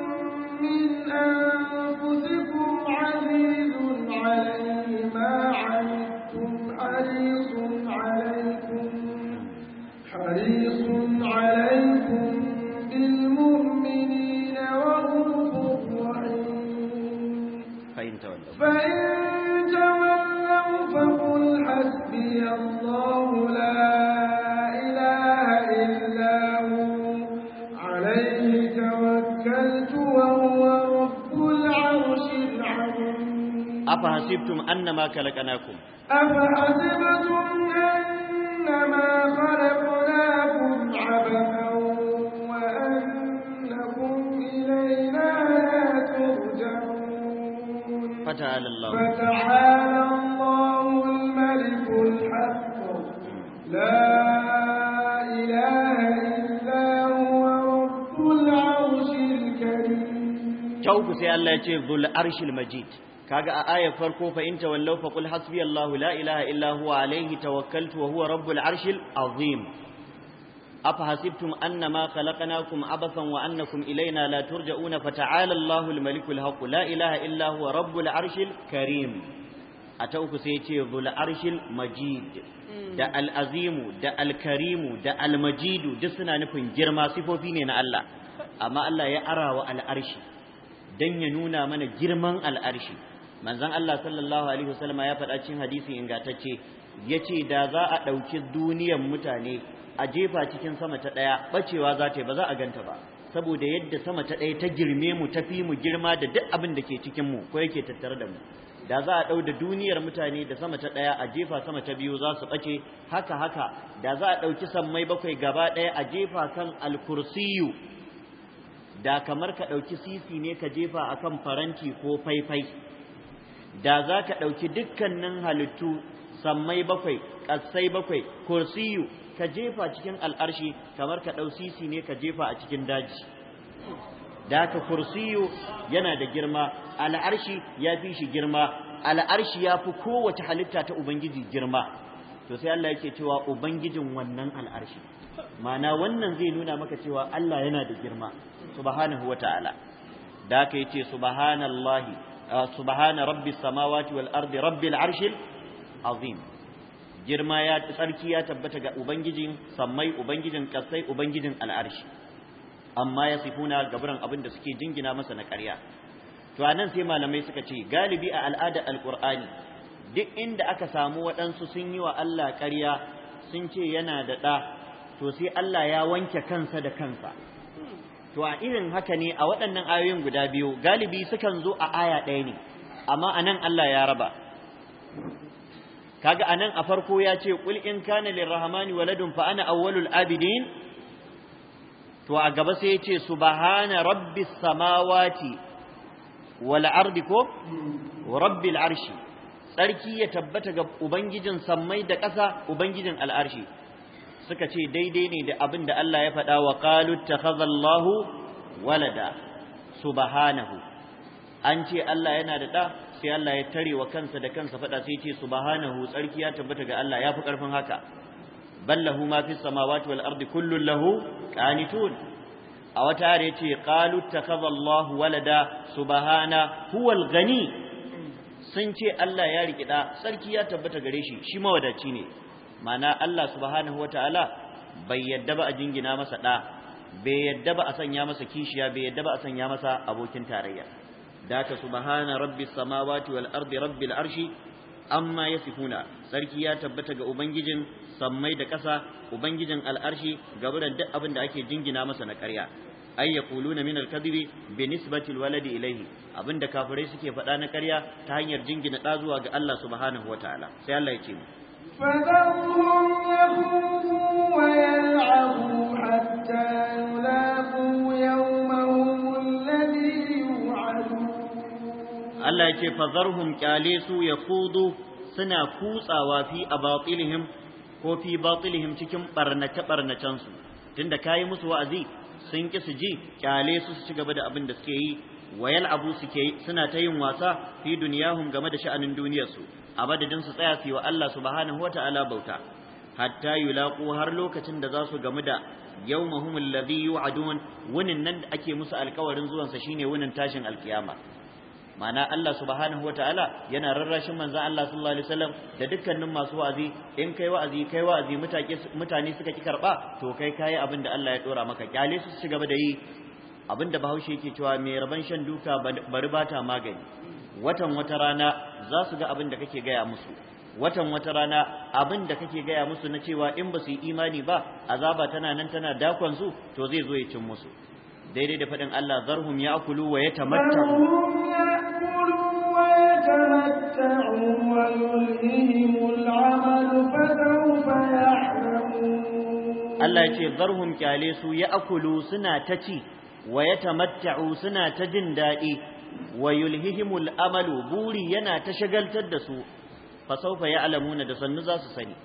min anfusikum azizun 'alayhi ma 'anittum harisun أفحسبتم أنما خلقناكم أفحسبتم أنما خلقناكم عبثا وأنكم إلينا لا ترجعون فتعالى الله فتعالى الله الملك الحق لا إله إلا هو رب العرش الكريم جواب سي الله ذو العرش المجيد kaga a ayar farko fa in tawallaw fa qul la ilaha illa huwa alayhi tawakkaltu wa huwa rabbul arshil azim afa hasibtum annama khalaqnakum abathan wa annakum ilayna la turja'una fa ta'ala Allahu al-malikul haqq la ilaha illa huwa rabbul arshil karim a ta uku sai ce zul arshil majid mm. da al'azimu da alkarimu da almajidu duk suna nufin girma sifofi ne na Allah amma Allah ya ara arawa al'arshi don ya nuna mana girman al'arshi manzon Allah sallallahu alaihi wasallama ya faɗa cikin hadisi ingantacce yace da za a ɗauki duniyar mutane a jefa cikin sama ta ɗaya bacewa za ta yi ba za a ganta ba saboda yadda sama ta ɗaya ta girme mu tafi mu girma da duk abin da ke cikin mu ko yake tattare da mu da za a ɗau da duniyar mutane da sama ta ɗaya a jefa sama ta biyu za su ɓace haka haka da za a ɗauki sammai bakwai gaba ɗaya a jefa kan alkursiyu da kamar ka ɗauki sisi ne ka jefa akan faranti ko faifai da za ka ɗauki dukkanin halittu sammai bakwai ƙasai bakwai kursiyu ka jefa cikin al'arshi kamar ka ɗau sisi ne ka jefa a cikin daji da ka kursiyu yana da girma al'arshi ya fi shi girma al'arshi ya fi kowace halitta ta ubangiji girma to sai Allah yake cewa ubangijin wannan al'arshi ma'ana wannan zai nuna maka cewa Allah yana da girma subhanahu wata'ala da ka yi yace subhanallahi Uh, subhana rabbis samawati wal ardi rabbil arshil azim girma ya tsarki ya tabbata ga ubangijin sammai ubangijin kasai ubangijin al'arshi amma ya sifuna gaburan abin da suke jingina masa na ƙarya to anan sai malamai suka ce galibi a al'ada alqur'ani duk inda aka samu waɗansu sun yi wa Allah ƙarya sun ce yana da ɗa to sai Allah ya wanke kansa da kansa to a irin haka ne a waɗannan ayoyin guda biyu galibi sukan zo a aya ɗaya ne amma anan Allah ya raba kaga anan a farko ya ce qul in kana lirrahmani waladun fa ana awwalul abidin to a gaba sai ya ce subhana rabbis samawati wal ardi ko rabbil arshi tsarki ya tabbata ga ubangijin sammai da ƙasa ubangijin al'arshi suka ce daidai ne da abin da Allah ya faɗa wa qalu takhazallahu walada bahanahu. an ce Allah yana da ɗa sai Allah ya tare wa kansa da kansa faɗa sai ce bahanahu. tsarki ya tabbata ga Allah ya fi ƙarfin haka ballahu ma fi wa tuwal ardi kullun lahu qanitun a wata are ce qalu takhazallahu walada bahana huwal gani sun ce Allah ya riƙi ɗa tsarki ya tabbata gare shi shi mawadaci ne mana Allah subhanahu wataala bai yadda ba a jingina masa ɗa bai yadda ba a sanya masa kishiya bai yadda ba a sanya masa abokin tarayya daka subhana rabbis samawati wal ardi rabbil arshi amma yasifuna sarki ya tabbata ga ubangijin sammai da ƙasa ubangijin al'arshi gaburan duk abin da ake jingina masa na ƙarya ay yaquluna min al-kadhibi bi nisbati al-waladi ilayhi abinda kafirai suke faɗa na ƙarya ta hanyar jingina ɗa zuwa ga Allah subhanahu wataala sai Allah ya ce mu Allah ce fazarhum kyale su ya kudu suna kutsawa fi a ko fi batilihim cikin barnace barnacensu tunda kayi musu wa'azi sun ki su ji kyale su su ci gaba da abin da suke yi wayal abu suke suna ta yin wasa fi duniyahum game da sha'anin duniyarsu a madadin su tsaya su wa Allah subhanahu wata'ala bauta hatta yulaqu har lokacin da za su gamu da yawmahum alladhi yu'adun wunin nan da ake musu alkawarin zuwan sa shine wunin tashin alkiyama ma'ana Allah subhanahu wata'ala yana rarrashin manzan Allah sallallahu alaihi wasallam da dukkanin masu wa'azi in kai wa'azi kai wa'azi mutane suka ki karba to kai kai abin da Allah ya dora maka kyale su su gaba da yi abin da Bahaushe yake cewa mai raban shan duka bari bata magani watan wata rana za su ga abin da kake gaya musu watan wata rana abin da kake gaya musu na cewa in ba su yi imani ba azaba tana nan tana dakon su to zai zo ya cin musu daidai da faɗin Allah zarhum ya'kulu wa yatamatta'u Allah ya ce zarhum kyale su ya akulu suna ta ci wa ya tamatta'u suna ta jin daɗi ويلههم الأمل بوري ينا تشغل تدسو فسوف يعلمون دسن نزاس سني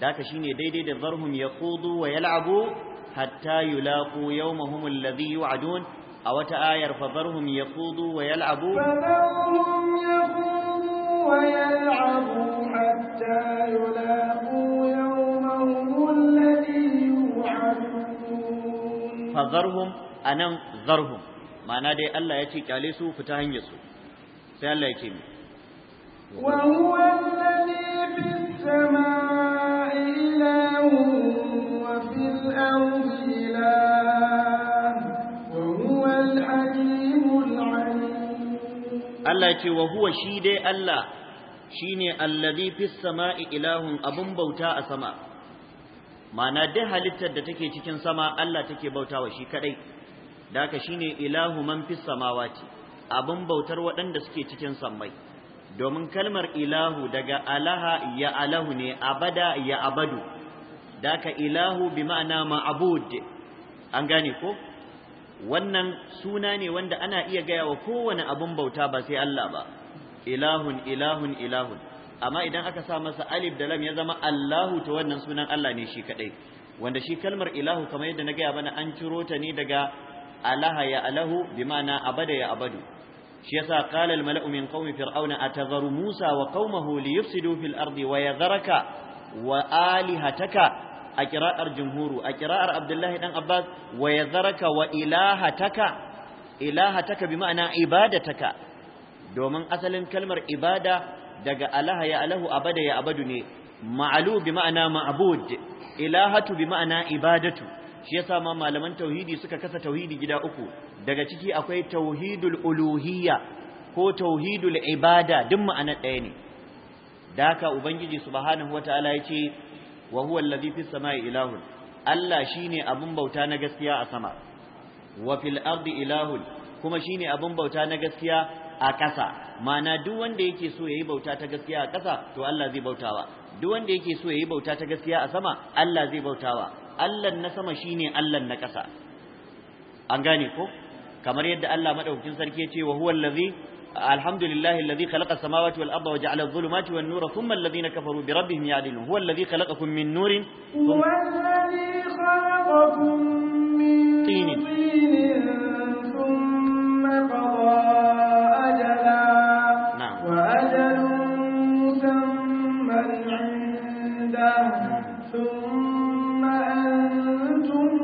ذاك شيني ديدي دذرهم يقودوا ويلعبوا حتى يلاقوا يومهم الذي يوعدون أو تآير فظرهم يقودوا ويلعبوا فظرهم يقودوا ويلعبوا حتى يلاقوا يومهم الذي يوعدون فظرهم أنا ذرهم ma'ana dai Allah ya ce kyale su fita hanyar su sai Allah ya ce mu wa huwa alladhi fis samaa'i ilahu wa fil ardi ilah wa huwa al-alimul Allah ya ce wa huwa shi dai Allah shine alladhi fis samaa'i ilahun abun bauta a sama ma'ana dai halittar da take cikin sama Allah take bautawa shi kadai da haka shine ilahu man fi samawati abin bautar waɗanda suke cikin sammai domin kalmar ilahu daga alaha ya alahu ne abada ya abadu da haka ilahu bi ma'ana ma'abud an gane ko wannan suna ne wanda ana iya gaya wa kowane abin bauta ba sai Allah ba ilahun ilahun ilahun amma idan aka sa masa alif da lam ya zama Allahu to wannan sunan Allah ne shi kadai wanda shi kalmar ilahu kamar yadda na gaya bana an ciro ta ne daga alaha ya alahu bi ma'ana abada ya abadu shi yasa qala al mala'u min qaumi fir'auna atadharu musa wa qaumahu li yufsidu fil ardi wa yadharaka wa alihataka a qira'ar jumhuru a qira'ar abdullahi dan abbas wa yadharaka wa ilahataka ilahataka bi ma'ana ibadataka domin asalin kalmar ibada daga alaha ya alahu abada ya abadu ne ma'alu bi ma'ana ma'bud ilahatu bi ma'ana ibadatu shi yasa ma malaman tauhidi suka kasa tauhidi gida uku daga ciki akwai tauhidul uluhiyya ko tauhidul ibada duk ma'ana ɗaya ne Daka haka ubangiji subhanahu wataala ya ce wa huwa allazi fis samai ilahun Allah shine abun bauta na gaskiya a sama wa fil ardi ilahun kuma shine abun bauta na gaskiya a ƙasa ma'ana duk wanda yake so yayi bauta ta gaskiya a ƙasa to Allah zai bautawa duk wanda yake so yayi bauta ta gaskiya a sama Allah zai bautawa Allahn na sama shine Allahn na ƙasa an gane ko kamar yadda Allah madaukakin sarki ya ce wa huwa allazi alhamdulillahi allazi khalaqa samawati wal arda wa ja'ala adh-dhulumati wan nura thumma allazina kafaru bi rabbihim ya'dilun huwa allazi khalaqakum min nurin huwa allazi khalaqakum min tinin thumma qada ajala wa ajalun musamman 'indahu hmm. thumma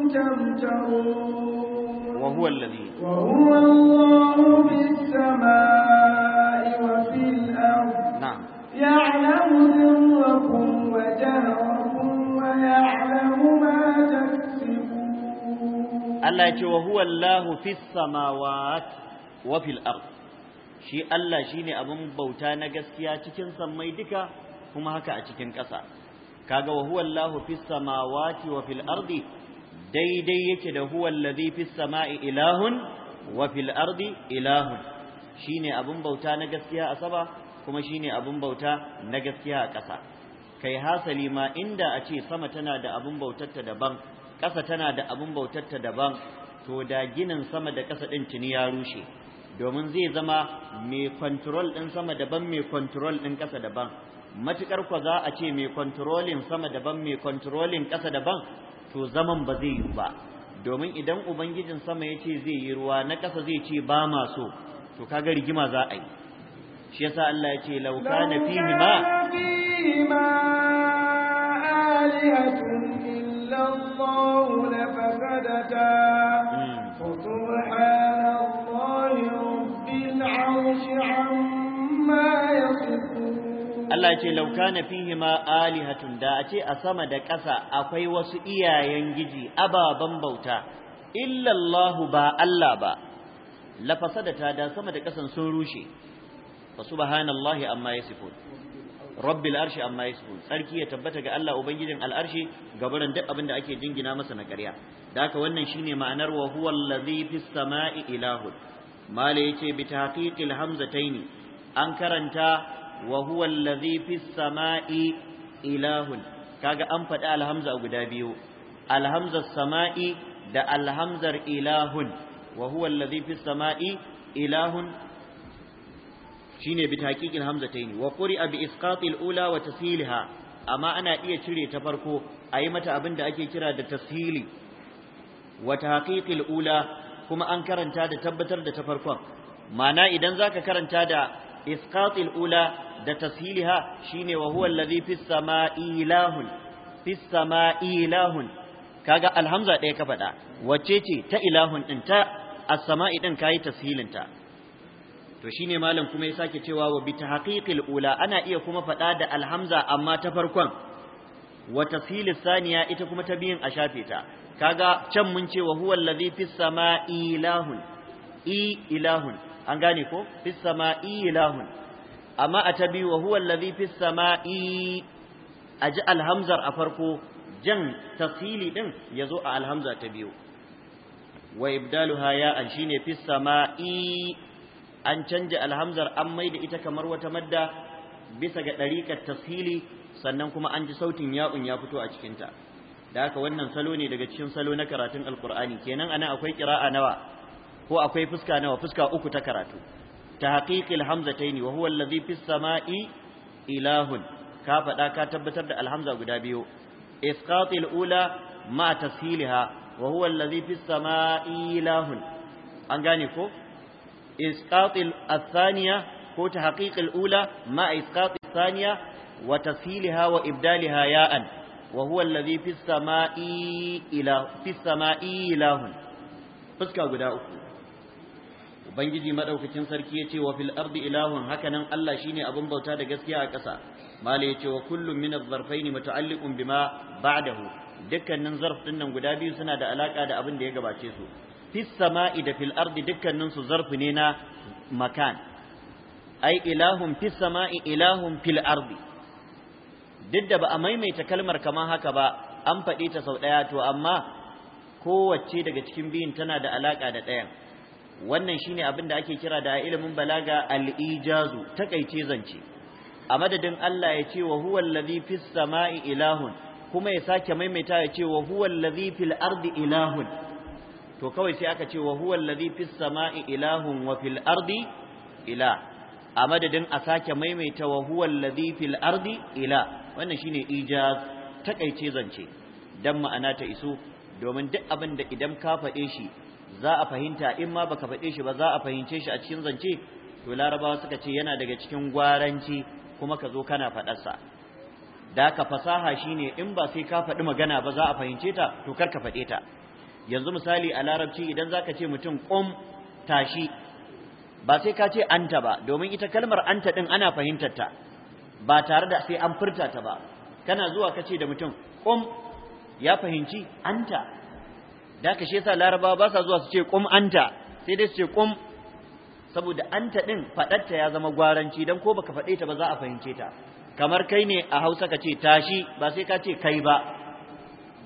تمترون وهو الذي وهو الله في السماء وفي الأرض نعم يعلم سركم وجهركم ويعلم ما تكسبون الله يقول وهو الله في السماوات وفي الأرض shi Allah shine abin bauta na gaskiya cikin sammai duka kuma haka a cikin ƙasa kaga wa huwa Allahu fis samawati wa fil ardi daidai yake da huwa allazi fis sama'i ilahun wa fil ardi ilahun shine abun bauta na gaskiya a saba kuma shine abun bauta na gaskiya a ƙasa kai hasali ma inda a ce sama tana da abun bautarta daban ƙasa tana da abun bautarta daban to da ginin sama da ƙasa ɗin tuni ya rushe domin zai zama mai kwantirol ɗin sama daban mai kwantirol ɗin ƙasa daban Matukar kwa za a ce mai kwantirolin sama daban mai kwantirolin ƙasa daban to zaman ba zai yi ba domin idan ubangijin sama ya ce zai yi ruwa na ƙasa zai ce ba ma so to kaga rigima za a yi shi yasa Allah ya ce lauka na fi ni ma Allah ce laukana fihi ma alihatun da a ce a sama da ƙasa akwai wasu iyayen giji ababen bauta illallahu ba Allah ba lafasadata da sama da ƙasan sun rushe fa subhanallahi amma yasifun rabbil arshi amma yasifun sarki ya tabbata ga Allah ubangijin al'arshi gabaran duk abin da ake jingina masa na ƙarya da haka wannan shine ma'anar wa huwa allazi fis sama'i ilahun mala yace bi tahqiqil hamzataini an karanta wa huwa allazi fis sama'i ilahun kaga an faɗi alhamza guda biyu alhamzar sama'i da alhamzar ilahun wa huwa allazi fis sama'i ilahun shine bi taqiqil hamzatayn wa quri'a bi isqatil ula wa tasheeliha amma ana iya cire ta farko ayi mata abin da ake kira da tasheeli wa tahqiqil ula kuma an karanta da tabbatar da ta farkon ma'ana idan zaka karanta da isqatil ula da tashiliha shine wa huwa allazi fis sama'i ilahun alhamza ɗaya ka faɗa Wace ce ta ilahun din ta as-sama'i din kai tashilin ta to shine malam kuma ya sake cewa wa bi tahqiqil ula ana iya kuma faɗa da alhamza amma ta farkon wa tasilis saniya ita kuma ta biyin a shafe ta kaga can mun ce wa huwa allazi i ilahun an gane ko fis sama'i ilahun amma a ta wa huwa allazi fis sama'i aji alhamzar a farko jan ɗin din yazo a alhamza ta biyu wa ibdaluha an shine fis sama'i an canja alhamzar an maida ita kamar wata madda bisa ga dariƙar tafsili sannan kuma an ji sautin ya'un ya fito a cikinta da haka wannan salo ne daga cikin salo na karatun alqur'ani kenan ana akwai qira'a nawa ko akwai fuska nawa fuska uku ta karatu tahqiqil hamzataini wa huwa alladhi fis samai ilahun ka faɗa ka tabbatar da alhamza guda biyu isqatil ula ma tashiliha wa huwa alladhi fis samai ilahun an gane ko isqatil athaniya ko tahqiqil ula ma isqatil thaniya wa tashiliha wa ibdalha ya'an wa huwa alladhi fis samai ila fis samai ilahun fuska guda uku ubangiji madaukakin sarki yace wa fil ardi ilahun hakanan Allah shine abun bauta da gaskiya a ƙasa mala yace wa kullum min az-zarfayn muta'alliqun bima ba'dahu dukkanin zarf din nan guda biyu suna da alaka da abin da ya gabace su fis sama'i da fil ardi dukkanin su ne na makan ai ilahun fis sama'i ilahun fil ardi duk da ba a maimaita kalmar kamar haka ba an faɗi ta sau ɗaya to amma kowace daga cikin biyun tana da alaka da ɗayan wannan shine abin da ake kira da ilimin balaga al-ijazu takaice zance a madadin Allah ya ce wa huwa allazi fis sama'i ilahun kuma ya sake maimaita ya ce wa huwa allazi fil ardi ilahun to kawai sai aka ce wa huwa allazi fis sama'i ilahun wa fil ardi ila a madadin a sake maimaita wa huwa allazi fil ardi ila wannan shine ijaz takaice zance dan ma'ana ta iso domin duk abin da idan ka faɗe shi za a fahimta in ma baka faɗe shi ba za a fahimce shi a cikin zance to larabawa suka ce yana daga cikin gwaranci kuma ka zo kana faɗarsa da ka fasaha shine in ba sai ka faɗi magana ba za a fahimce ta to kar ka faɗe ta yanzu misali a larabci idan zaka ce mutum qum tashi ba sai ka ce anta ba domin ita kalmar anta din ana fahimtar ta ba tare da sai an furta ta ba kana zuwa kace da mutum qum ya fahimci anta da ka shi yasa laraba ba sa zuwa su ce kum anta sai dai su ce kum saboda anta din faɗarta ya zama gwaranci dan ko baka faɗe ta ba za a fahimce ta kamar kai ne a Hausa ka ce tashi ba sai ka ce kai ba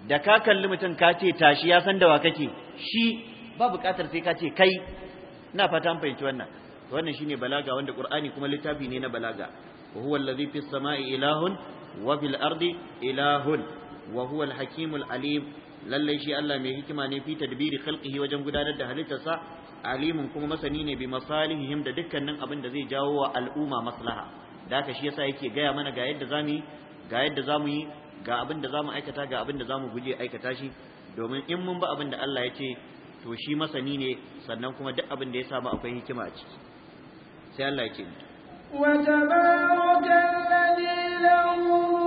da ka kalli mutum ka ce tashi ya san da wa kake shi ba buƙatar sai ka ce kai ina fata an fahimci wannan wannan shine balaga wanda Qur'ani kuma littafi ne na balaga wa huwa allazi fis samai ilahun wa fil ardi ilahun wa huwa al hakimul alim lallai shi Allah mai hikima ne fi tadbiri khalqihi wajen gudanar da halittarsa alimun kuma masani ne bi masalihihim da dukkanin abin da zai jawo wa al'umma maslaha da haka shi yasa yake gaya mana ga yadda zamu yi ga yadda zamu yi ga abin da zamu aikata ga abin da zamu guje aikata shi domin in mun ba abin da Allah ya ce to shi masani ne sannan kuma duk abin da ya samu akwai hikima a ciki sai Allah ya ce وتبارك الذي له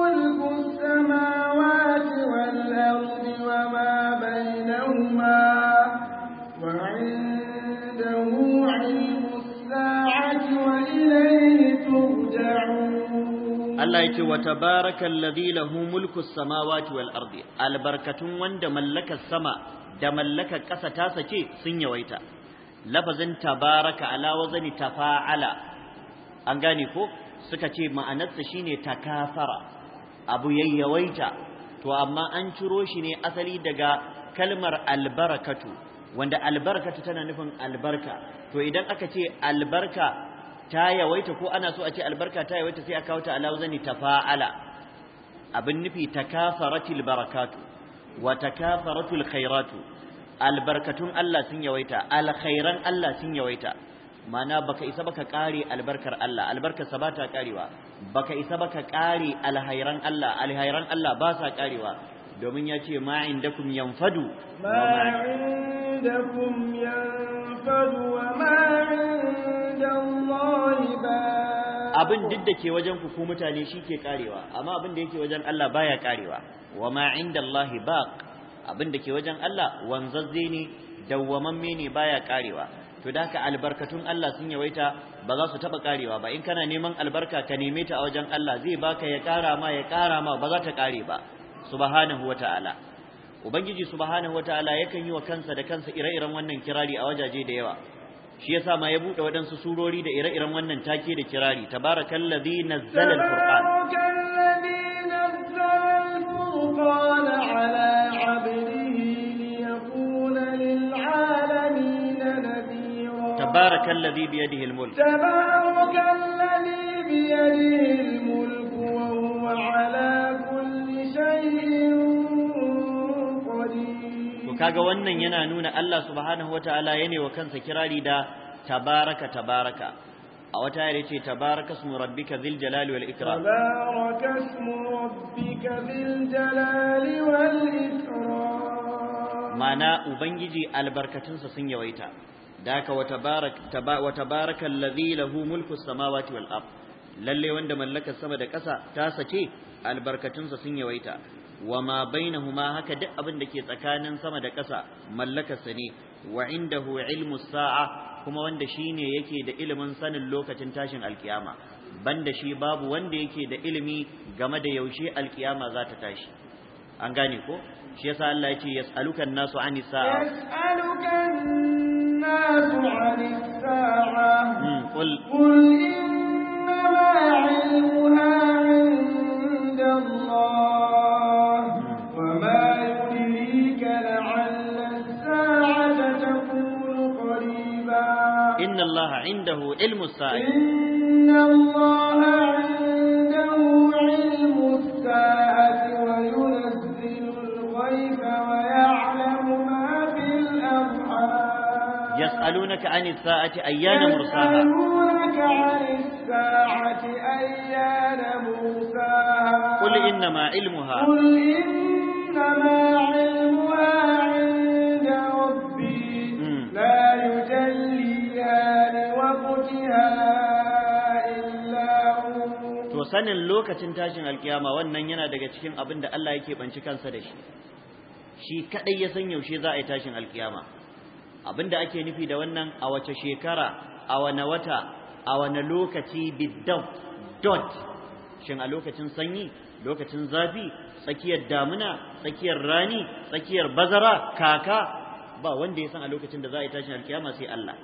ملك السماوات Allah ya ce wa tabarakal ladhi lahu mulku samawati wal ardi albarkatun wanda mallakar sama da mallakar ƙasa ta sace sun yawaita lafazin tabaraka ala wazani tafa'ala an gane ko suka ce ma'anarsa shine takafara abu yayyawaita to amma an ciro shi ne asali daga kalmar albarakatu wanda albarkatu tana nufin albarka to idan aka ce albarka ta yawaita ko ana so a ce albarka ta yawaita sai a kawo ta ala wazani tafa'ala abin nufi takafaratil barakatu wa takafaratul khairatu albarkatun Allah sun yawaita alkhairan Allah sun yawaita mana baka isa baka kare albarkar Allah albarkar sa bata karewa baka isa baka kare alhairan Allah alhairan Allah ba sa karewa domin ya ce ma indakum yanfadu ma indakum yanfadu wa ma abin duk da ke wajen ku ku mutane shi ke karewa amma abin da yake wajen Allah baya karewa wa ma inda Allah baq abin da ke wajen Allah wanzazze ne dawwamamme ne baya karewa to da haka albarkatun Allah sun yawaita ba za su taba karewa ba in kana neman albarka ka neme ta a wajen Allah zai baka ya kara ma ya kara ma ba za ta kare ba subhanahu wataala ubangiji subhanahu wataala yakan yi wa kansa da kansa ire-iren wannan kirari a wajaje da yawa shi yasa ma ya bude wadansu surori da ire-iren wannan take da kirari tabarakallazi nazzala alquran tabarakallazi nazzala alquran ala abdihi liyakuna lilalamin nadira tabarakallazi biyadihi almulk tabarakallazi biyadihi almulk wa huwa ala kaga wannan yana nuna Allah subhanahu wataala yana wa kansa kirari da tabaraka tabaraka a wata yare ce tabaraka ismu rabbika dhil jalali wal ikram tabaraka ismu rabbika dhil jalali wal ikram mana ubangiji albarkatunsa sun yawaita daka wa tabarak wa tabaraka alladhi lahu mulku samawati wal ard lalle wanda mallaka sama da ƙasa ta sace albarkatunsa sun yawaita wa ma bainahuma haka duk abin da ke tsakanin sama da ƙasa mallakarsa ne wa indahu ilmu sa'a kuma wanda shine yake da ilimin sanin lokacin tashin alkiyama banda shi babu wanda yake da ilimi game da yaushe alkiyama za ta tashi an gane ko shi yasa Allah ya ce yas'aluka nasu 'ani sa'a yas'aluka an-nasu 'ani sa'a hmm, qul qul innama 'ilmuha 'inda إن الله عنده علم الساعة إن الله عنده علم الساعة وينزل الغيب ويعلم ما في الأرحام يسألونك عن الساعة أيان مرساها يسألونك عن الساعة أيان مرساها قل إنما علمها قل إنما علمها sanin lokacin tashin alkiyama wannan yana daga cikin abin da Allah yake banci kansa da shi shi kadai ya san yaushe za a yi tashin alkiyama abin da ake nufi da wannan a wace shekara a wane wata a wane lokaci biddaw dot shin a lokacin sanyi lokacin zafi tsakiyar damuna tsakiyar rani tsakiyar bazara kaka ba wanda ya san a lokacin da za a yi tashin alkiyama sai Allah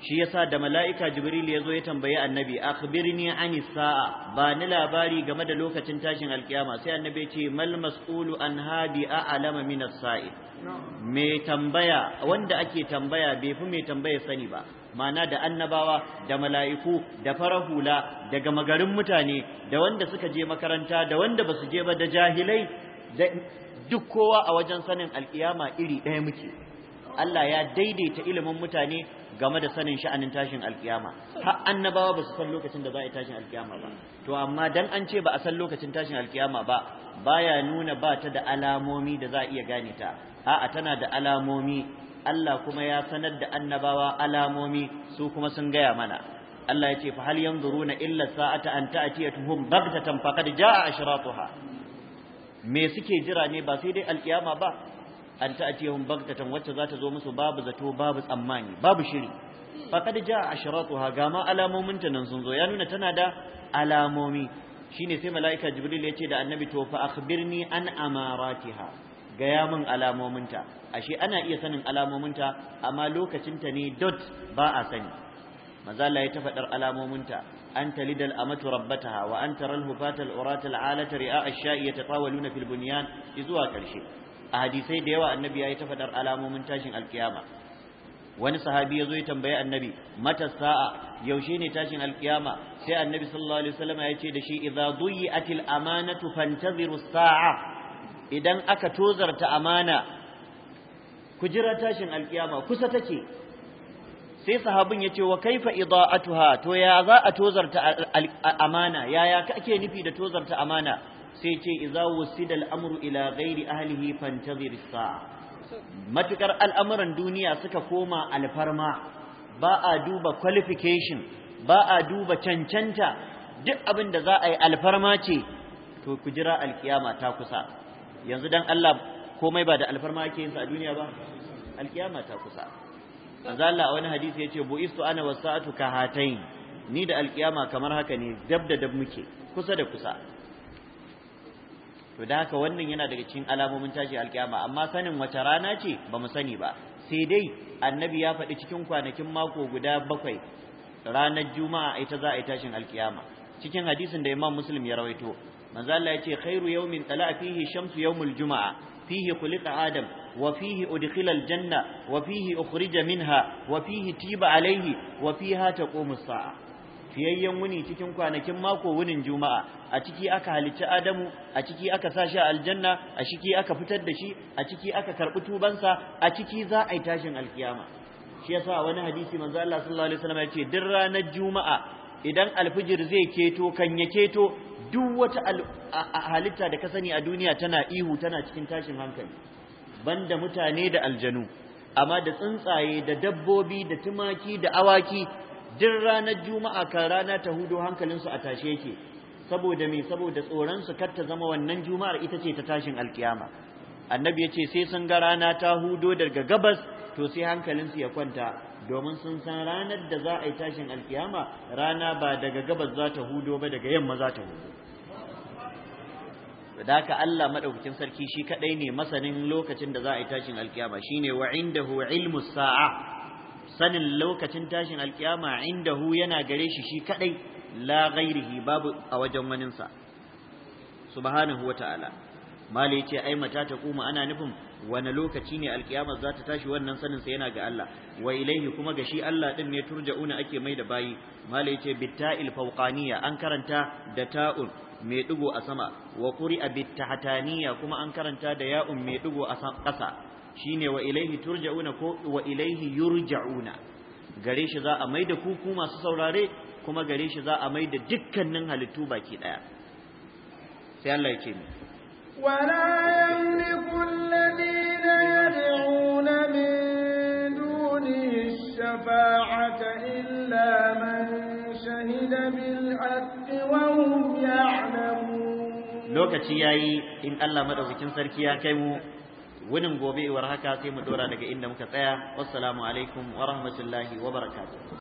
shi yasa da mala'ika jibril ya zo ya tambayi annabi akhbirni ani sa'a ba ni labari game da lokacin tashin alkiyama sai annabi ya ce mal mas'ulu an hadi a'lama min as-sa'i me tambaya wanda ake tambaya bai fi me tambaya sani ba mana da annabawa da mala'iku da farahula daga magarin mutane da wanda suka je makaranta da wanda ba su je ba da jahilai duk kowa a wajen sanin alkiyama iri ɗaya muke Allah ya daidaita ilimin mutane game da sanin sha'anin tashin alkiyama har annabawa ba su san lokacin da za a yi tashin alkiyama ba to amma dan an ce ba a san lokacin tashin alkiyama ba baya nuna ba ta da alamomi da za a iya gane ta a'a tana da alamomi Allah kuma ya sanar da annabawa alamomi su kuma sun gaya mana Allah ya ce fa hal yanzuruna illa sa'ata an ta'tiyatuhum baghtatan faqad jaa ashratuha me suke jira ne ba sai dai alkiyama ba an ta'atihum baghtatan wacce za ta zo musu babu zato babu tsammani babu shiri faqad jaa asharatuha ga ma alamomin ta nan sun zo ya nuna tana da alamomi shine sai malaika jibril ya ce da annabi to fa akhbirni an amaratiha gaya min alamominta ashe ana iya sanin alamominta amma lokacinta ne dot ba a sani mazala ya ta faɗar alamominta an talidal amatu rabbataha wa an taral hufatal uratal alata ri'a ash-sha'i yatawaluna fil bunyan zuwa karshe a hadisai da yawa annabi ya yi ta faɗar alamomin tashin alkiyama wani sahabi ya zo ya tambayi annabi mata sa'a yaushe ne tashin alkiyama sai annabi sallallahu alaihi wasallam ya ce da shi idza duyi'atil amanatu fantaziru sa'a idan aka tozarta amana ku jira tashin alkiyama kusa take sai sahabin ya ce wa kaifa ida'atuha to ya za a tozarta amana yaya kake nufi da tozarta amana sai ce idza wusida al-amru ila ghairi ahlihi fantazir as-sa'a matukar al'amuran duniya suka koma alfarma ba a duba qualification ba a duba cancanta duk abin da za a yi alfarma ce to ku jira alkiyama ta kusa yanzu dan Allah komai ba da alfarma ake yin sa a duniya ba alkiyama ta kusa manzo a wani hadisi yace bu'istu ana wasa'atu kahatayn ni da alkiyama kamar haka ne dab da dab muke kusa da kusa to da haka wannan yana daga cikin alamomin tashi alkiyama amma sanin wace rana ce ba mu sani ba sai dai annabi ya faɗi cikin kwanakin mako guda bakwai ranar juma'a ita za a yi tashin alkiyama cikin hadisin da imam muslim ya rawaito manzo Allah ya ce khairu yawmin tala'a fihi shamsu yawmul juma'a fihi khuliqa adam wa fihi udkhila aljanna wa fihi ukhrija minha wa fihi tiba alayhi wa fiha taqumu saa fiyayyen wuni cikin kwanakin mako wunin juma'a a ciki aka halicci Adamu a ciki aka sa shi aljanna a ciki aka fitar da shi a ciki aka karɓi tubansa a ciki za a yi tashin alkiyama shi yasa wani hadisi manzo Allah sallallahu alaihi wasallam ya ce duk ranar juma'a idan alfijir zai keto kan ya keto duk wata halitta da ka sani a duniya tana ihu tana cikin tashin hankali banda mutane da aljanu amma da tsuntsaye da dabbobi da tumaki da awaki duk ranar juma'a kan rana ta hudu hankalinsu a tashe yake saboda me saboda tsoron su kar ta zama wannan juma'ar ita ce ta tashin alkiyama annabi ya ce sai sun ga rana ta hudo daga gabas to sai hankalinsu ya kwanta domin sun san ranar da za a yi tashin alkiyama rana ba daga gabas za ta hudo ba daga yamma za ta hudo da ka Allah madaukakin sarki shi kadai ne masanin lokacin da za a yi tashin alkiyama shine wa indahu ilmu sa'a sanin lokacin tashin alkiyama indahu yana gare shi shi kadai la ghairihi babu a wajen waninsa subhanahu wa mali yace ai mata ta kuma ana nufin wani lokaci ne alkiyama za ta tashi wannan sanin sa yana ga Allah wa ilaihi kuma ga shi Allah din ne turja'una ake mai da bayi mali yace bitta'il fawqaniyya an karanta da ta'un mai digo a sama wa a bittahataniyya kuma an karanta da ya'un mai ɗigo a ƙasa shine wa ilaihi turja'una ko wa ilaihi yurja'una gare shi za a mai da ku masu saurare kuma gare shi za a mai da dukkanin halittu baki daya sai Allah ya ce mu wala yamliku alladhina yad'una min dunihi shafaata illa man shahida bil haqqi wa hum ya'lamun lokaci yayi in Allah madaukakin sarki ya kai mu wunin gobe war haka sai mu dora daga inda muka tsaya wassalamu alaikum wa rahmatullahi wa barakatuh